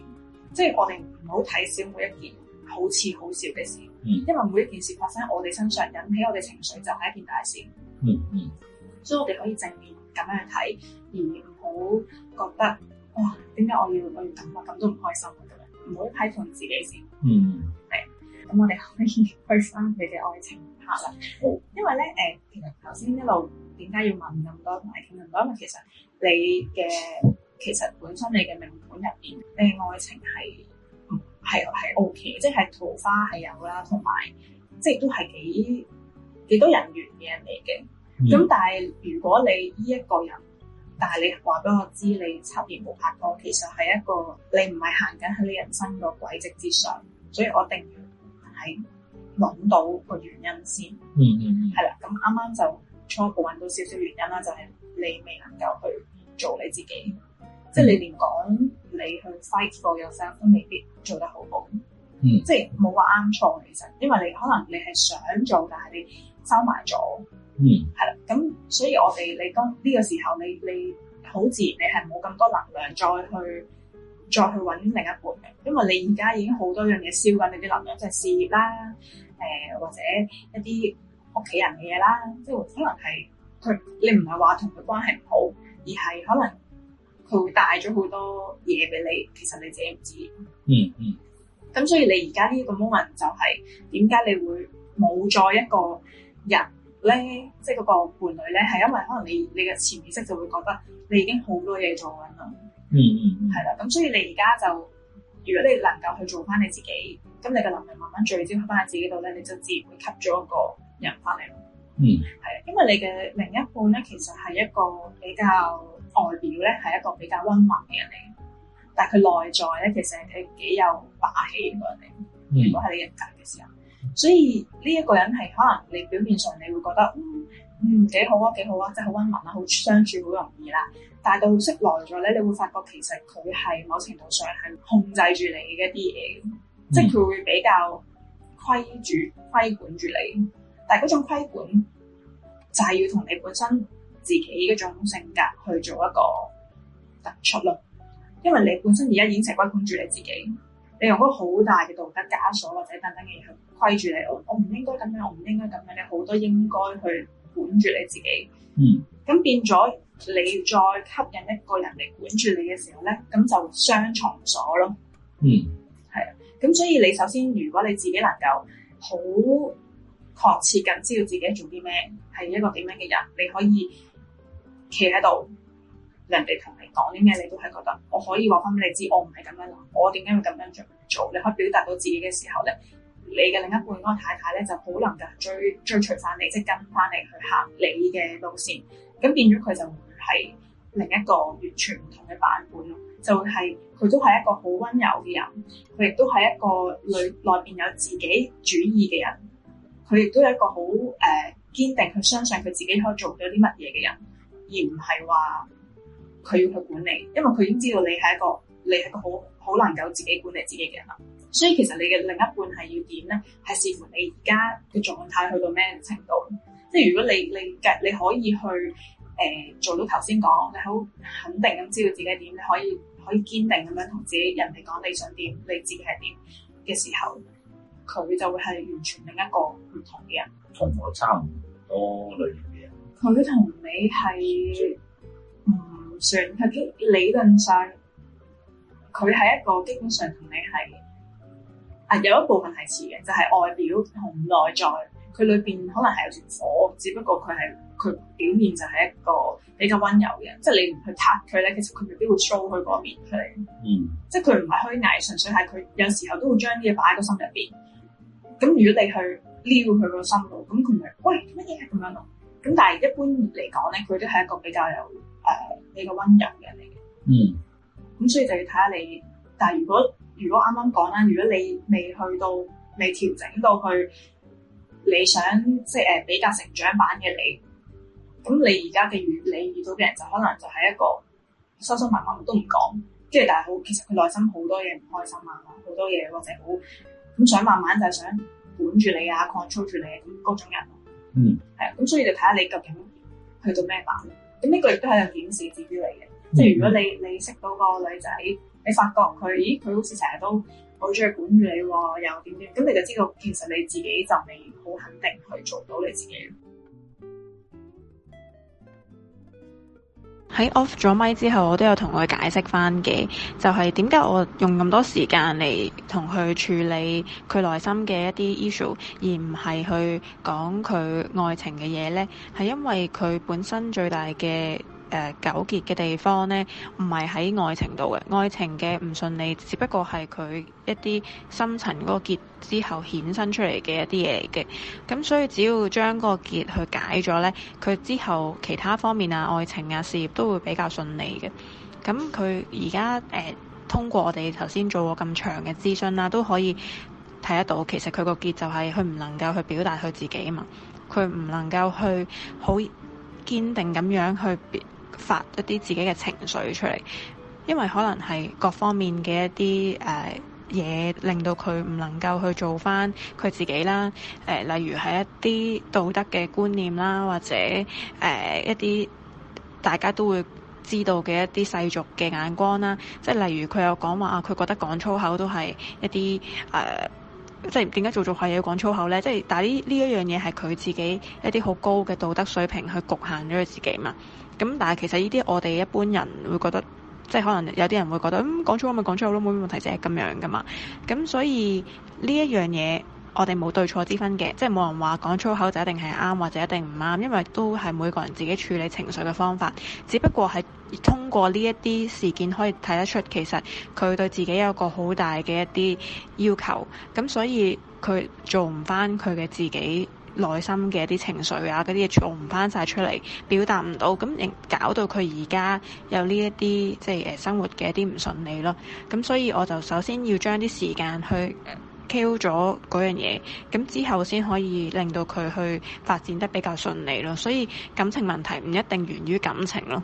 即係我哋唔好睇小每一件好似好小嘅事，嗯、因為每一件事發生喺我哋身上，引起我哋情緒就係一件大事。嗯嗯，所以我哋可以正面。咁樣去睇，而唔好覺得哇，點解我要我要咁啊？咁都唔開心嘅咩？唔好批評自己先。嗯，係。咁我哋可以去翻你嘅愛情塔啦。嗯、因為咧誒，其實頭先一路點解要問咁多同埋傾咁多？因為其實你嘅其實本身你嘅命盤入邊你嘅愛情係係係 OK？即係桃花係有啦，同埋即係都係幾幾多人緣嘅人嚟嘅。咁、嗯、但係如果你依一個人，但係你話俾我知你七年冇拍拖，其實係一個你唔係行緊喺你人生個軌跡之上，所以我一定要揾到個原因先。嗯嗯，係、嗯、啦，咁啱啱就初步揾到少少原因啦，就係、是、你未能夠去做你自己，嗯、即係你連講你去 fight for yourself 都未必做得好好。嗯、即係冇話啱錯，其實因為你可能你係想做，但係你。收埋咗，嗯，係啦，咁所以我哋你當呢個時候你你好自然你係冇咁多能量再去再去揾另一半，嘅。因為你而家已經好多樣嘢燒緊你啲能量，即係事業啦，誒或者一啲屋企人嘅嘢啦，即係可能係佢你唔係話同佢關係唔好，而係可能佢會帶咗好多嘢俾你，其實你自己唔知嗯。嗯嗯，咁所以你而家呢個 moment 就係點解你會冇再一個。人咧，即係嗰個伴侶咧，係因為可能你你嘅潛意識就會覺得你已經好多嘢做緊啦。嗯嗯，係啦，咁所以你而家就，如果你能夠去做翻你自己，咁你嘅能力慢慢聚焦翻喺自己度咧，你就自然會吸咗一個人翻嚟。嗯，係啊，因為你嘅另一半咧，其實係一個比較外表咧係一個比較温文嘅人嚟，但係佢內在咧其實係幾有霸氣嗰個人嚟。嗯，如果係你人格嘅時候。所以呢一個人係可能你表面上你會覺得嗯嗯，幾好啊，幾好啊，即係好溫文啊，好相處好容易啦。但係到識耐咗咧，你會發覺其實佢係某程度上係控制住你嘅一啲嘢，即係佢會比較規住規管住你。但係嗰種規管就係要同你本身自己嘅種性格去做一個突出咯，因為你本身而家已經規管住你自己，你用嗰好大嘅道德枷鎖或者等等嘅嘢，去規住你，我唔應該咁樣，我唔應該咁樣，你好多應該去管住你自己。嗯，咁變咗你再吸引一個人嚟，管住你嘅時候咧，咁就雙重鎖咯。嗯，係啊，咁所以你首先如果你自己能夠好確切咁知道自己做啲咩，係一個點樣嘅人，你可以企喺度人哋講啲咩你都係覺得我可以話翻俾你知，我唔係咁樣諗。我點解要咁樣做？做你可以表達到自己嘅時候咧，你嘅另一半嗰個太太咧就好能夠追追隨翻你，即係跟翻你去行你嘅路線。咁變咗佢就唔係另一個完全唔同嘅版本，就係佢都係一個好溫柔嘅人，佢亦都係一個內內邊有自己主義嘅人，佢亦都係一個好誒堅定去相信佢自己可以做到啲乜嘢嘅人，而唔係話。佢要去管理，因為佢已經知道你係一個，你係一個好好難夠自己管理自己嘅人啦。所以其實你嘅另一半係要點咧，係視乎你而家嘅狀態去到咩程度。即係如果你你嘅你可以去誒、呃、做到頭先講，你好肯定咁知道自己係點，你可以可以堅定咁樣同自己人哋講你想點，你自己係點嘅時候，佢就會係完全另一個唔同嘅人，同我差唔多，多類型嘅人。佢同你係。係算，佢基理論上佢係一個基本上同你係啊，有一部分係似嘅，就係、是、外表同內在佢裏邊可能係有條火，只不過佢係佢表面就係一個比較温柔嘅，即係你唔去撻佢咧，其實佢未必會 show 佢面出嚟。嗯，即係佢唔係虛偽，純粹係佢有時候都會將啲嘢擺喺個心入邊。咁如果你去撩佢個心度，咁佢咪喂乜嘢係咁樣咯、啊？咁但係一般嚟講咧，佢都係一個比較有。誒，uh, 你個溫柔嘅人嚟嘅，嗯，咁所以就要睇下你。但係如果如果啱啱講啦，如果你未去到，未調整到去，你想即係誒、呃、比較成長版嘅你，咁你而家嘅遇你遇到嘅人就可能就係一個收收埋埋都唔講，即係但係好其實佢內心好多嘢唔開心啊，好多嘢或者好咁想慢慢就係想管住你啊，control 住你咁嗰種人嗯，係啊，咁所以就睇下你究竟去到咩版。咁呢個亦都喺度顯示自己嚟嘅，即係、嗯、如果你你識到個女仔，你發覺佢，咦，佢好似成日都好鍾意管住你喎，又點樣，咁你就知道其實你自己就未好肯定去做到你自己。喺 off 咗咪之後，我都有同佢解釋翻嘅，就係點解我用咁多時間嚟同佢處理佢內心嘅一啲 issue，而唔係去講佢愛情嘅嘢咧？係因為佢本身最大嘅。誒、呃、糾結嘅地方呢，唔係喺愛情度嘅，愛情嘅唔順利，只不過係佢一啲深層嗰個結之後衍生出嚟嘅一啲嘢嚟嘅。咁所以只要將個結去解咗呢，佢之後其他方面啊、愛情啊、事業都會比較順利嘅。咁佢而家誒通過我哋頭先做過咁長嘅諮詢啦、啊，都可以睇得到，其實佢個結就係佢唔能夠去表達佢自己啊嘛，佢唔能夠去好堅定咁樣去。發一啲自己嘅情緒出嚟，因為可能係各方面嘅一啲誒嘢，令到佢唔能夠去做返佢自己啦。誒、呃，例如係一啲道德嘅觀念啦，或者誒、呃、一啲大家都會知道嘅一啲世俗嘅眼光啦。即係例如佢有講話啊，佢覺得講粗口都係一啲誒、呃，即係點解做做下嘢講粗口咧？即係但係呢呢一樣嘢係佢自己一啲好高嘅道德水平去局限咗佢自己嘛。咁但係其實呢啲我哋一般人會覺得，即係可能有啲人會覺得，嗯，講粗口咪講粗口咯，冇乜問題就係咁樣噶嘛。咁所以呢一樣嘢我哋冇對錯之分嘅，即係冇人話講粗口就一定係啱或者一定唔啱，因為都係每個人自己處理情緒嘅方法。只不過係通過呢一啲事件可以睇得出，其實佢對自己有一個好大嘅一啲要求。咁所以佢做唔返佢嘅自己。內心嘅一啲情緒啊，嗰啲嘢做唔翻晒出嚟，表達唔到，咁亦搞到佢而家有呢一啲即係誒生活嘅一啲唔順利咯。咁所以我就首先要將啲時間去 kill 咗嗰樣嘢，咁之後先可以令到佢去發展得比較順利咯。所以感情問題唔一定源於感情咯。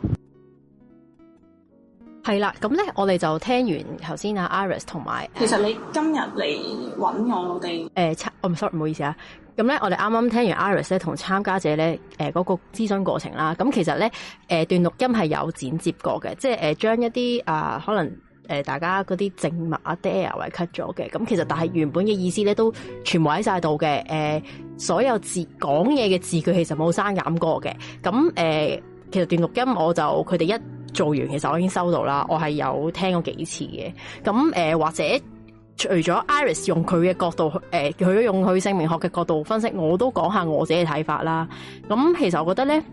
係啦，咁咧我哋就聽完頭先阿 Iris 同埋，其實你今日嚟揾我哋，誒、呃，我唔 sorry，唔好意思啊。咁咧、嗯，我哋啱啱聽完 Iris 咧同參加者咧，誒、呃、嗰、那個諮詢過程啦。咁、嗯、其實咧，誒、呃、段錄音係有剪接過嘅，即係誒將一啲啊、呃、可能誒、呃、大家嗰啲靜默啊 dead air 位 cut 咗嘅。咁其實但係原本嘅意思咧都全部喺晒度嘅。誒、呃、所有字講嘢嘅字句其實冇刪減過嘅。咁、嗯、誒、呃，其實段錄音我就佢哋一做完，其實我已經收到啦。我係有聽過幾次嘅。咁、嗯、誒、呃、或者。除咗 Iris 用佢嘅角度，誒、呃，佢都用佢姓名學嘅角度分析，我都講下我自己嘅睇法啦。咁、嗯、其實我覺得咧，誒、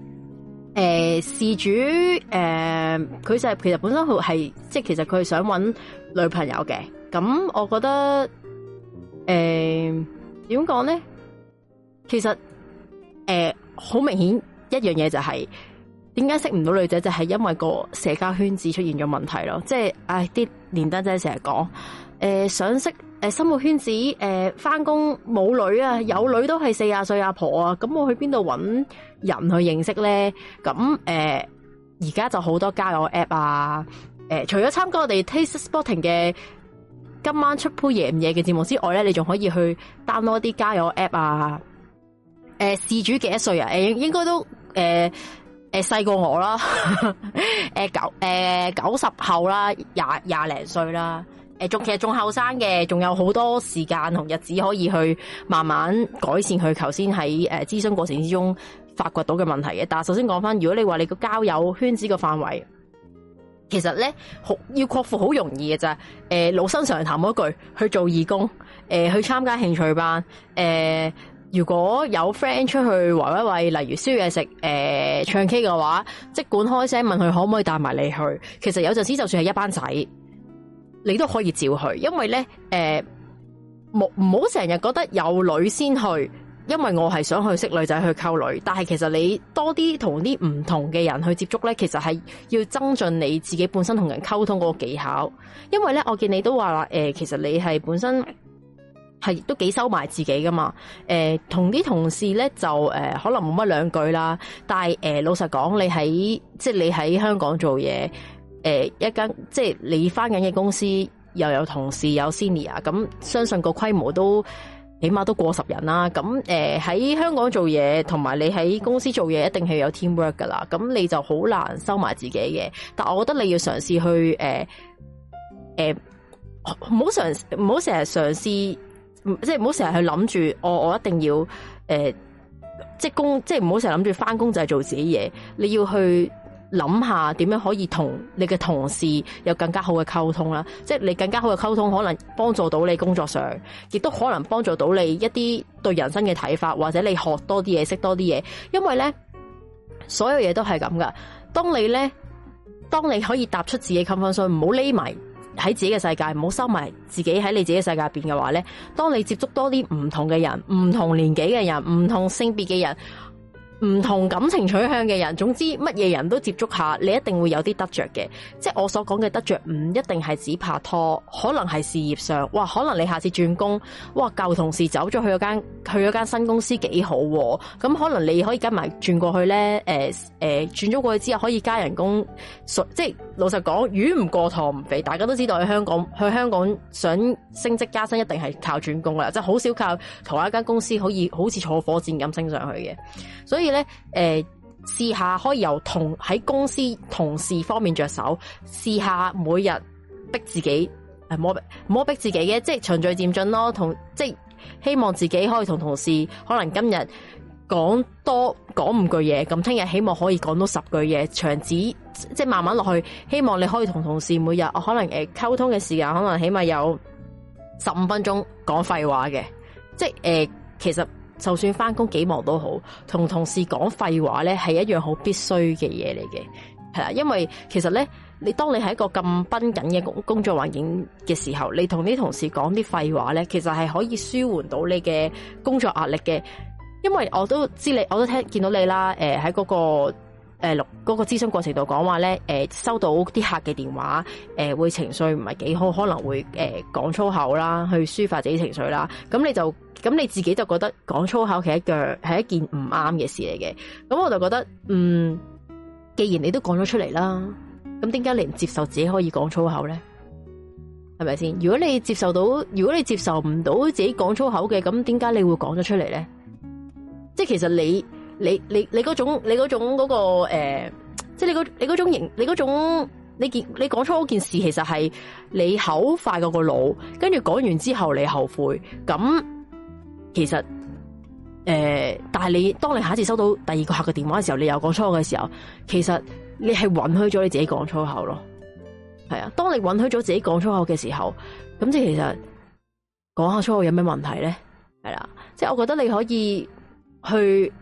呃，事主，誒、呃，佢就係、是、其實本身佢係，即係其實佢係想揾女朋友嘅。咁、嗯、我覺得，誒、呃，點講咧？其實，誒、呃，好明顯一樣嘢就係、是，點解識唔到女仔？就係、是、因為個社交圈子出現咗問題咯。即係，唉、哎，啲連登仔成日講。誒、呃，想識誒生活圈子，誒翻工冇女啊，有女都係四廿歲阿婆啊，咁我去邊度搵人去認識咧？咁誒，而、呃、家就好多交友 app 啊，誒、呃，除咗參加我哋 Taste Spotting 嘅今晚出鋪夜唔夜嘅節目之外咧，你仲可以去 download 啲交友 app 啊。誒、呃，事主幾多歲啊？誒、呃，應該都誒誒細過我啦，誒九誒九十後啦，廿廿零歲啦。誒，仲其實仲後生嘅，仲有好多時間同日子可以去慢慢改善佢頭先喺誒諮詢過程之中發掘到嘅問題嘅。但係首先講翻，如果你話你個交友圈子個範圍，其實咧好要擴闊好容易嘅咋。誒、呃，老生常談嗰句，去做義工，誒、呃，去參加興趣班，誒、呃，如果有 friend 出去玩一玩，例如燒嘢食，誒、呃，唱 K 嘅話，即管開聲問佢可唔可以帶埋你去。其實有陣、就、時、是、就算係一班仔。你都可以照去，因為咧，誒、呃，冇唔好成日覺得有女先去，因為我係想去識女仔去溝女，但係其實你多啲同啲唔同嘅人去接觸咧，其實係要增進你自己本身同人溝通嗰個技巧。因為咧，我見你都話啦，誒、呃，其實你係本身係都幾收埋自己噶嘛，誒、呃，同啲同事咧就誒、呃，可能冇乜兩句啦，但係誒、呃，老實講，你喺即係你喺香港做嘢。誒、呃，一間即係你翻緊嘅公司，又有同事有 senior，咁、嗯、相信個規模都起碼都過十人啦。咁誒喺香港做嘢，同埋你喺公司做嘢，一定係有 teamwork 噶啦。咁、嗯、你就好難收埋自己嘅。但我覺得你要嘗試去誒誒，唔好嘗唔好成日嘗試，即係唔好成日去諗住，我、哦、我一定要誒、呃，即係工，即係唔好成日諗住翻工就係做自己嘢，你要去。諗下點樣可以同你嘅同事有更加好嘅溝通啦，即係你更加好嘅溝通，可能幫助到你工作上，亦都可能幫助到你一啲對人生嘅睇法，或者你學多啲嘢，識多啲嘢。因為咧，所有嘢都係咁噶。當你咧，當你可以踏出自己 comfort zone，唔好匿埋喺自己嘅世界，唔好收埋自己喺你自己世界入邊嘅話咧，當你接觸多啲唔同嘅人、唔同年紀嘅人、唔同性別嘅人。唔同感情取向嘅人，總之乜嘢人都接觸下，你一定會有啲得着嘅。即係我所講嘅得着，唔一定係只拍拖，可能係事業上。哇，可能你下次轉工，哇，舊同事走咗去嗰間，去嗰間新公司幾好，啊。咁、嗯、可能你可以跟埋轉過去咧。誒、呃、誒，轉、呃、咗過去之後可以加人工，即係老實講，魚唔過塘唔肥。大家都知道喺香港，去香港想升職加薪一定係靠轉工啦，即係好少靠同一間公司可以好似坐火箭咁升上去嘅。所以。咧，誒，試下可以由同喺公司同事方面着手，試下每日逼自己，唔、呃、好逼自己嘅，即係循序漸進咯。同即係希望自己可以同同事，可能今日講多講五句嘢，咁聽日希望可以講多十句嘢，長此即係慢慢落去。希望你可以同同事每日，可能誒溝通嘅時間，可能起碼有十五分鐘講廢話嘅，即係誒、呃，其實。就算翻工幾忙都好，同同事講廢話咧係一樣好必須嘅嘢嚟嘅，係啊，因為其實咧，你當你喺一個咁繃緊嘅工工作環境嘅時候，你同啲同事講啲廢話咧，其實係可以舒緩到你嘅工作壓力嘅，因為我都知你，我都聽見到你啦，誒喺嗰個誒六嗰個諮詢過程度講話咧，誒、呃、收到啲客嘅電話，誒、呃、會情緒唔係幾好，可能會誒、呃、講粗口啦，去抒發自己情緒啦，咁你就。咁你自己就覺得講粗口其實一樣，係一件唔啱嘅事嚟嘅。咁我就覺得，嗯，既然你都講咗出嚟啦，咁點解你唔接受自己可以講粗口咧？係咪先？如果你接受到，如果你接受唔到自己講粗口嘅，咁點解你會講咗出嚟咧？即係其實你你你你嗰種你嗰種、嗰個誒、呃，即係你嗰你嗰種型，你種你件你，你講粗口件事，其實係你口快過個腦，跟住講完之後你後悔咁。其實，誒、呃，但係你當你下一次收到第二個客嘅電話嘅時候，你又講粗口嘅時候，其實你係允許咗你自己講粗口咯，係啊。當你允許咗自己講粗口嘅時候，咁即係其實講下粗口有咩問題咧？係啦，即係我覺得你可以去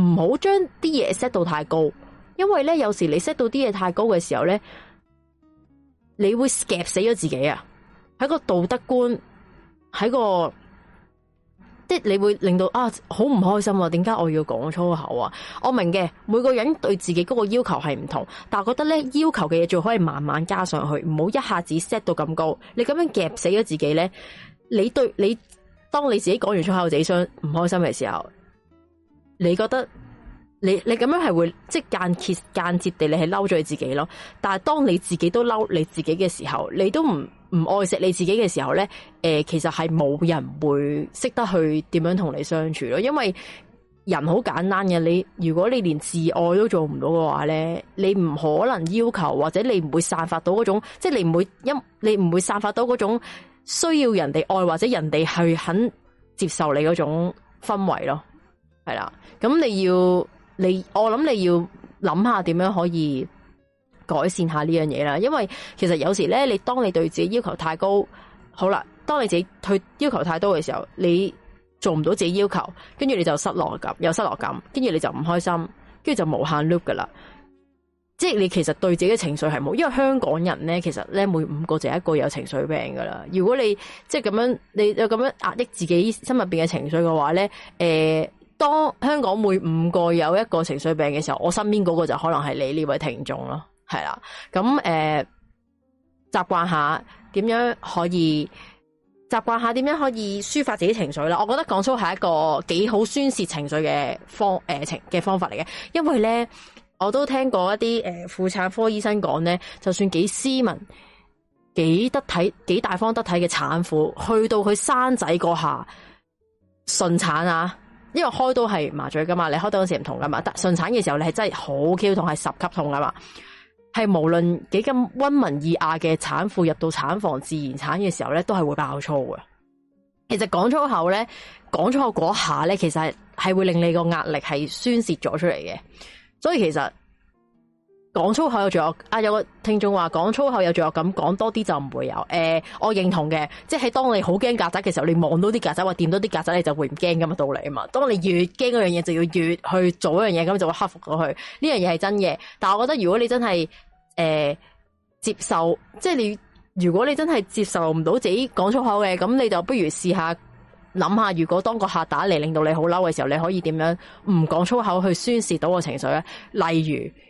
唔好將啲嘢 set 到太高，因為咧有時你 set 到啲嘢太高嘅時候咧，你會 skip 死咗自己啊！喺個道德觀，喺個。即係你會令到啊，好唔開心啊點解我要講粗口啊？我明嘅。每個人對自己嗰個要求係唔同，但係我覺得咧要求嘅嘢仲可以慢慢加上去，唔好一下子 set 到咁高。你咁樣夾死咗自己咧，你對你當你自己講完粗口自己想唔開心嘅時候，你覺得你你咁樣係會即係間歇間截間接間接地你係嬲咗你自己咯。但係當你自己都嬲你自己嘅時候，你都唔。唔愛惜你自己嘅時候咧，誒、呃，其實係冇人會識得去點樣同你相處咯，因為人好簡單嘅。你如果你連自愛都做唔到嘅話咧，你唔可能要求或者你唔會散發到嗰種，即係你唔會一，你唔會散發到嗰種需要人哋愛或者人哋去肯接受你嗰種氛圍咯。係啦，咁你要你，我諗你要諗下點樣可以。改善下呢樣嘢啦，因為其實有時咧，你當你對自己要求太高，好啦，當你自己去要求太多嘅時候，你做唔到自己要求，跟住你就失落感，有失落感，跟住你就唔開心，跟住就無限 loop 噶啦。即係你其實對自己情緒係冇，因為香港人咧，其實咧每五個就一個有情緒病噶啦。如果你即係咁樣，你有咁樣壓抑自己心入邊嘅情緒嘅話咧，誒、呃，當香港每五個有一個情緒病嘅時候，我身邊嗰個就可能係你呢位聽眾咯。係啦，咁誒，習慣、呃、下點樣可以習慣下點樣可以抒發自己情緒啦？我覺得講粗係一個幾好宣泄情緒嘅方誒、呃、情嘅方法嚟嘅，因為咧我都聽過一啲誒婦產科醫生講咧，就算幾斯文、幾得體、幾大方得體嘅產婦，去到佢生仔嗰下順產啊，因為開刀係麻醉噶嘛，你開刀嗰時唔同噶嘛，但順產嘅時候你係真係好 Q 痛，係十級痛噶嘛。係無論幾咁溫文爾雅嘅產婦入到產房自然產嘅時候咧，都係會爆粗嘅。其實講粗口咧，講粗口嗰下咧，其實係係會令你個壓力係宣泄咗出嚟嘅。所以其實。講粗口有罪惡啊！有個聽眾話講粗口有罪惡感，咁講多啲就唔會有誒、呃，我認同嘅。即係當你好驚曱甴嘅時候，你望到啲曱甴或掂到啲曱甴，你就會唔驚咁嘅道理啊嘛。當你越驚嗰樣嘢，就要越去做嗰樣嘢，咁就會克服過去。呢樣嘢係真嘅。但係我覺得如果你真係誒、呃、接受，即係你如果你真係接受唔到自己講粗口嘅，咁你就不如試下諗下，如果當個客打嚟，令到你好嬲嘅時候，你可以點樣唔講粗口去宣泄到個情緒咧？例如。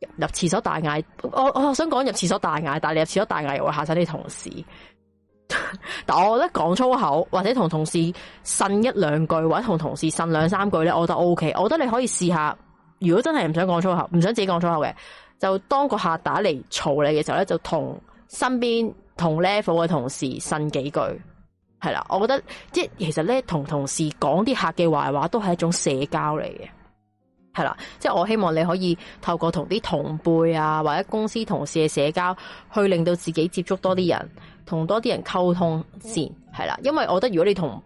入廁所大嗌，我我想講入廁所大嗌，但係入廁所大嗌又會吓晒啲同事。 但我覺得講粗口或者同同事呻一兩句，或者同同事呻兩三句咧，我覺得 OK。我覺得你可以試下，如果真係唔想講粗口，唔想自己講粗口嘅，就當個客打嚟嘈你嘅時候咧，就同身邊同 level 嘅同事呻幾句，係啦。我覺得即係其實咧，同同事講啲客嘅壞話都係一種社交嚟嘅。係啦，即係我希望你可以透過同啲同輩啊，或者公司同事嘅社交，去令到自己接觸多啲人，同多啲人溝通先。係啦，因為我覺得如果你同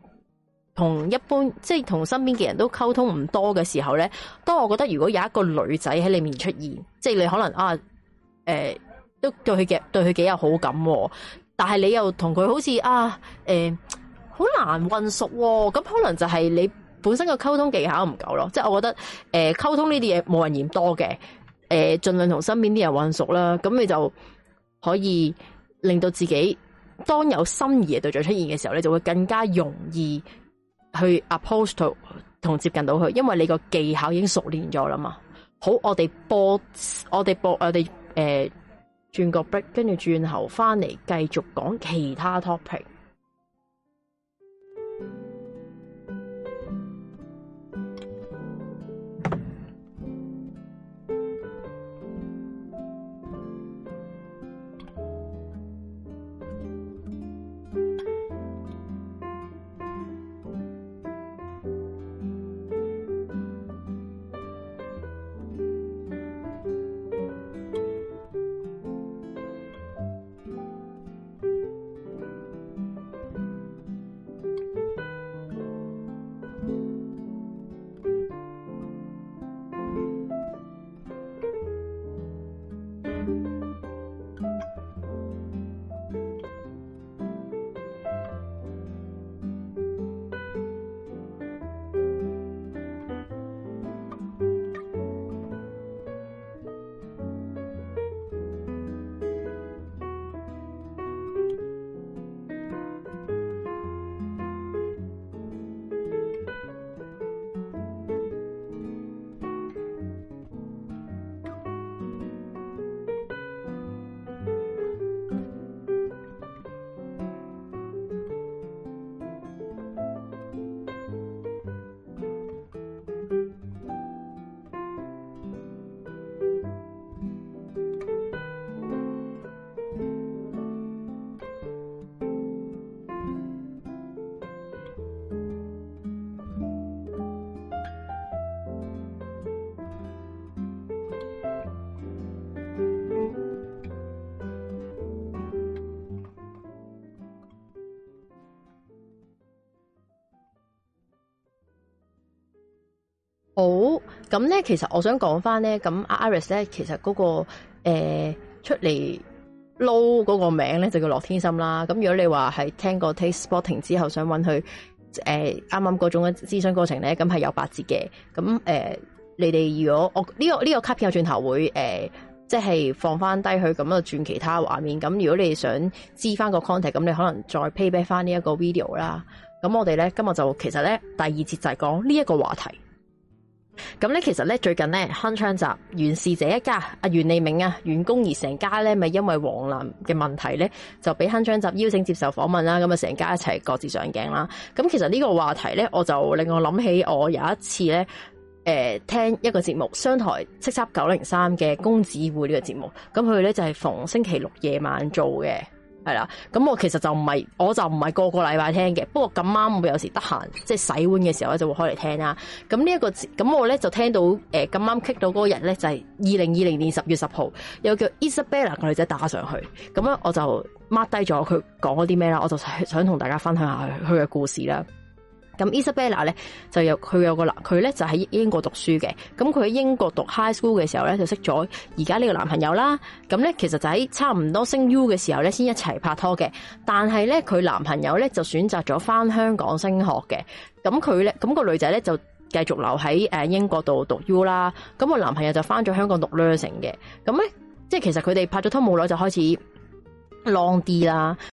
同一般，即係同身邊嘅人都溝通唔多嘅時候咧，當我覺得如果有一個女仔喺裏面出現，即係你可能啊，誒、呃，都對佢嘅對佢幾有好感，但係你又同佢好似啊，誒、呃，好難混熟，咁可能就係你。本身個溝通技巧唔夠咯，即係我覺得誒溝通呢啲嘢冇人嫌多嘅。誒、呃、盡量同身邊啲人混熟啦，咁你就可以令到自己當有心儀嘅對象出現嘅時候，咧就會更加容易去 approach 到同接近到佢，因為你個技巧已經熟練咗啦嘛。好，我哋播我哋播我哋誒、呃、轉個 break，跟住轉頭翻嚟繼續講其他 topic。咁咧，其實我想講翻咧，咁阿 Iris 咧，其實嗰、那個、呃、出嚟撈嗰個名咧就叫樂天心啦。咁如果你話係聽過 Taste Spotting 之後想揾佢誒啱啱嗰種嘅諮詢過程咧，咁係有八折嘅。咁誒、呃，你哋如果呢、這個呢、這個卡片有轉頭會誒、呃，即係放翻低佢咁啊，轉其他畫面。咁如果你想知翻個 contact，咁你可能再 pay back 翻呢一個 video 啦。咁我哋咧今日就其實咧第二節就係講呢一個話題。咁咧，其實咧最近咧，鏗鏘集袁氏這一家，阿袁彌明啊，袁弓夷成家咧，咪因為黃藍嘅問題咧，就俾鏗鏘集邀請接受訪問啦。咁啊，成家一齊各自上鏡啦。咁其實呢個話題咧，我就令我諗起我有一次咧，誒、呃、聽一個節目，商台叱咤九零三嘅《公子會》呢個節目，咁佢咧就係逢星期六夜晚做嘅。係啦，咁我其實就唔係，我就唔係個個禮拜聽嘅。不過咁啱我有時得閒，即係洗碗嘅時候咧，就會開嚟聽啦。咁呢一個，咁我咧就聽到，誒咁啱 click 到嗰個人咧就係二零二零年十月十號，有叫 Isabella 個女仔打上去。咁咧我就 mark 低咗佢講咗啲咩啦，我就想同大家分享下佢嘅故事啦。咁 Isabella 咧就有佢有個男佢咧就喺英國讀書嘅，咁佢喺英國讀 high school 嘅時候咧就識咗而家呢個男朋友啦，咁咧其實就喺差唔多升 U 嘅時候咧先一齊拍拖嘅，但係咧佢男朋友咧就選擇咗翻香港升學嘅，咁佢咧咁個女仔咧就繼續留喺誒英國度讀 U 啦，咁個男朋友就翻咗香港讀 nursing 嘅，咁咧即係其實佢哋拍咗拖冇耐就開始浪啲啦。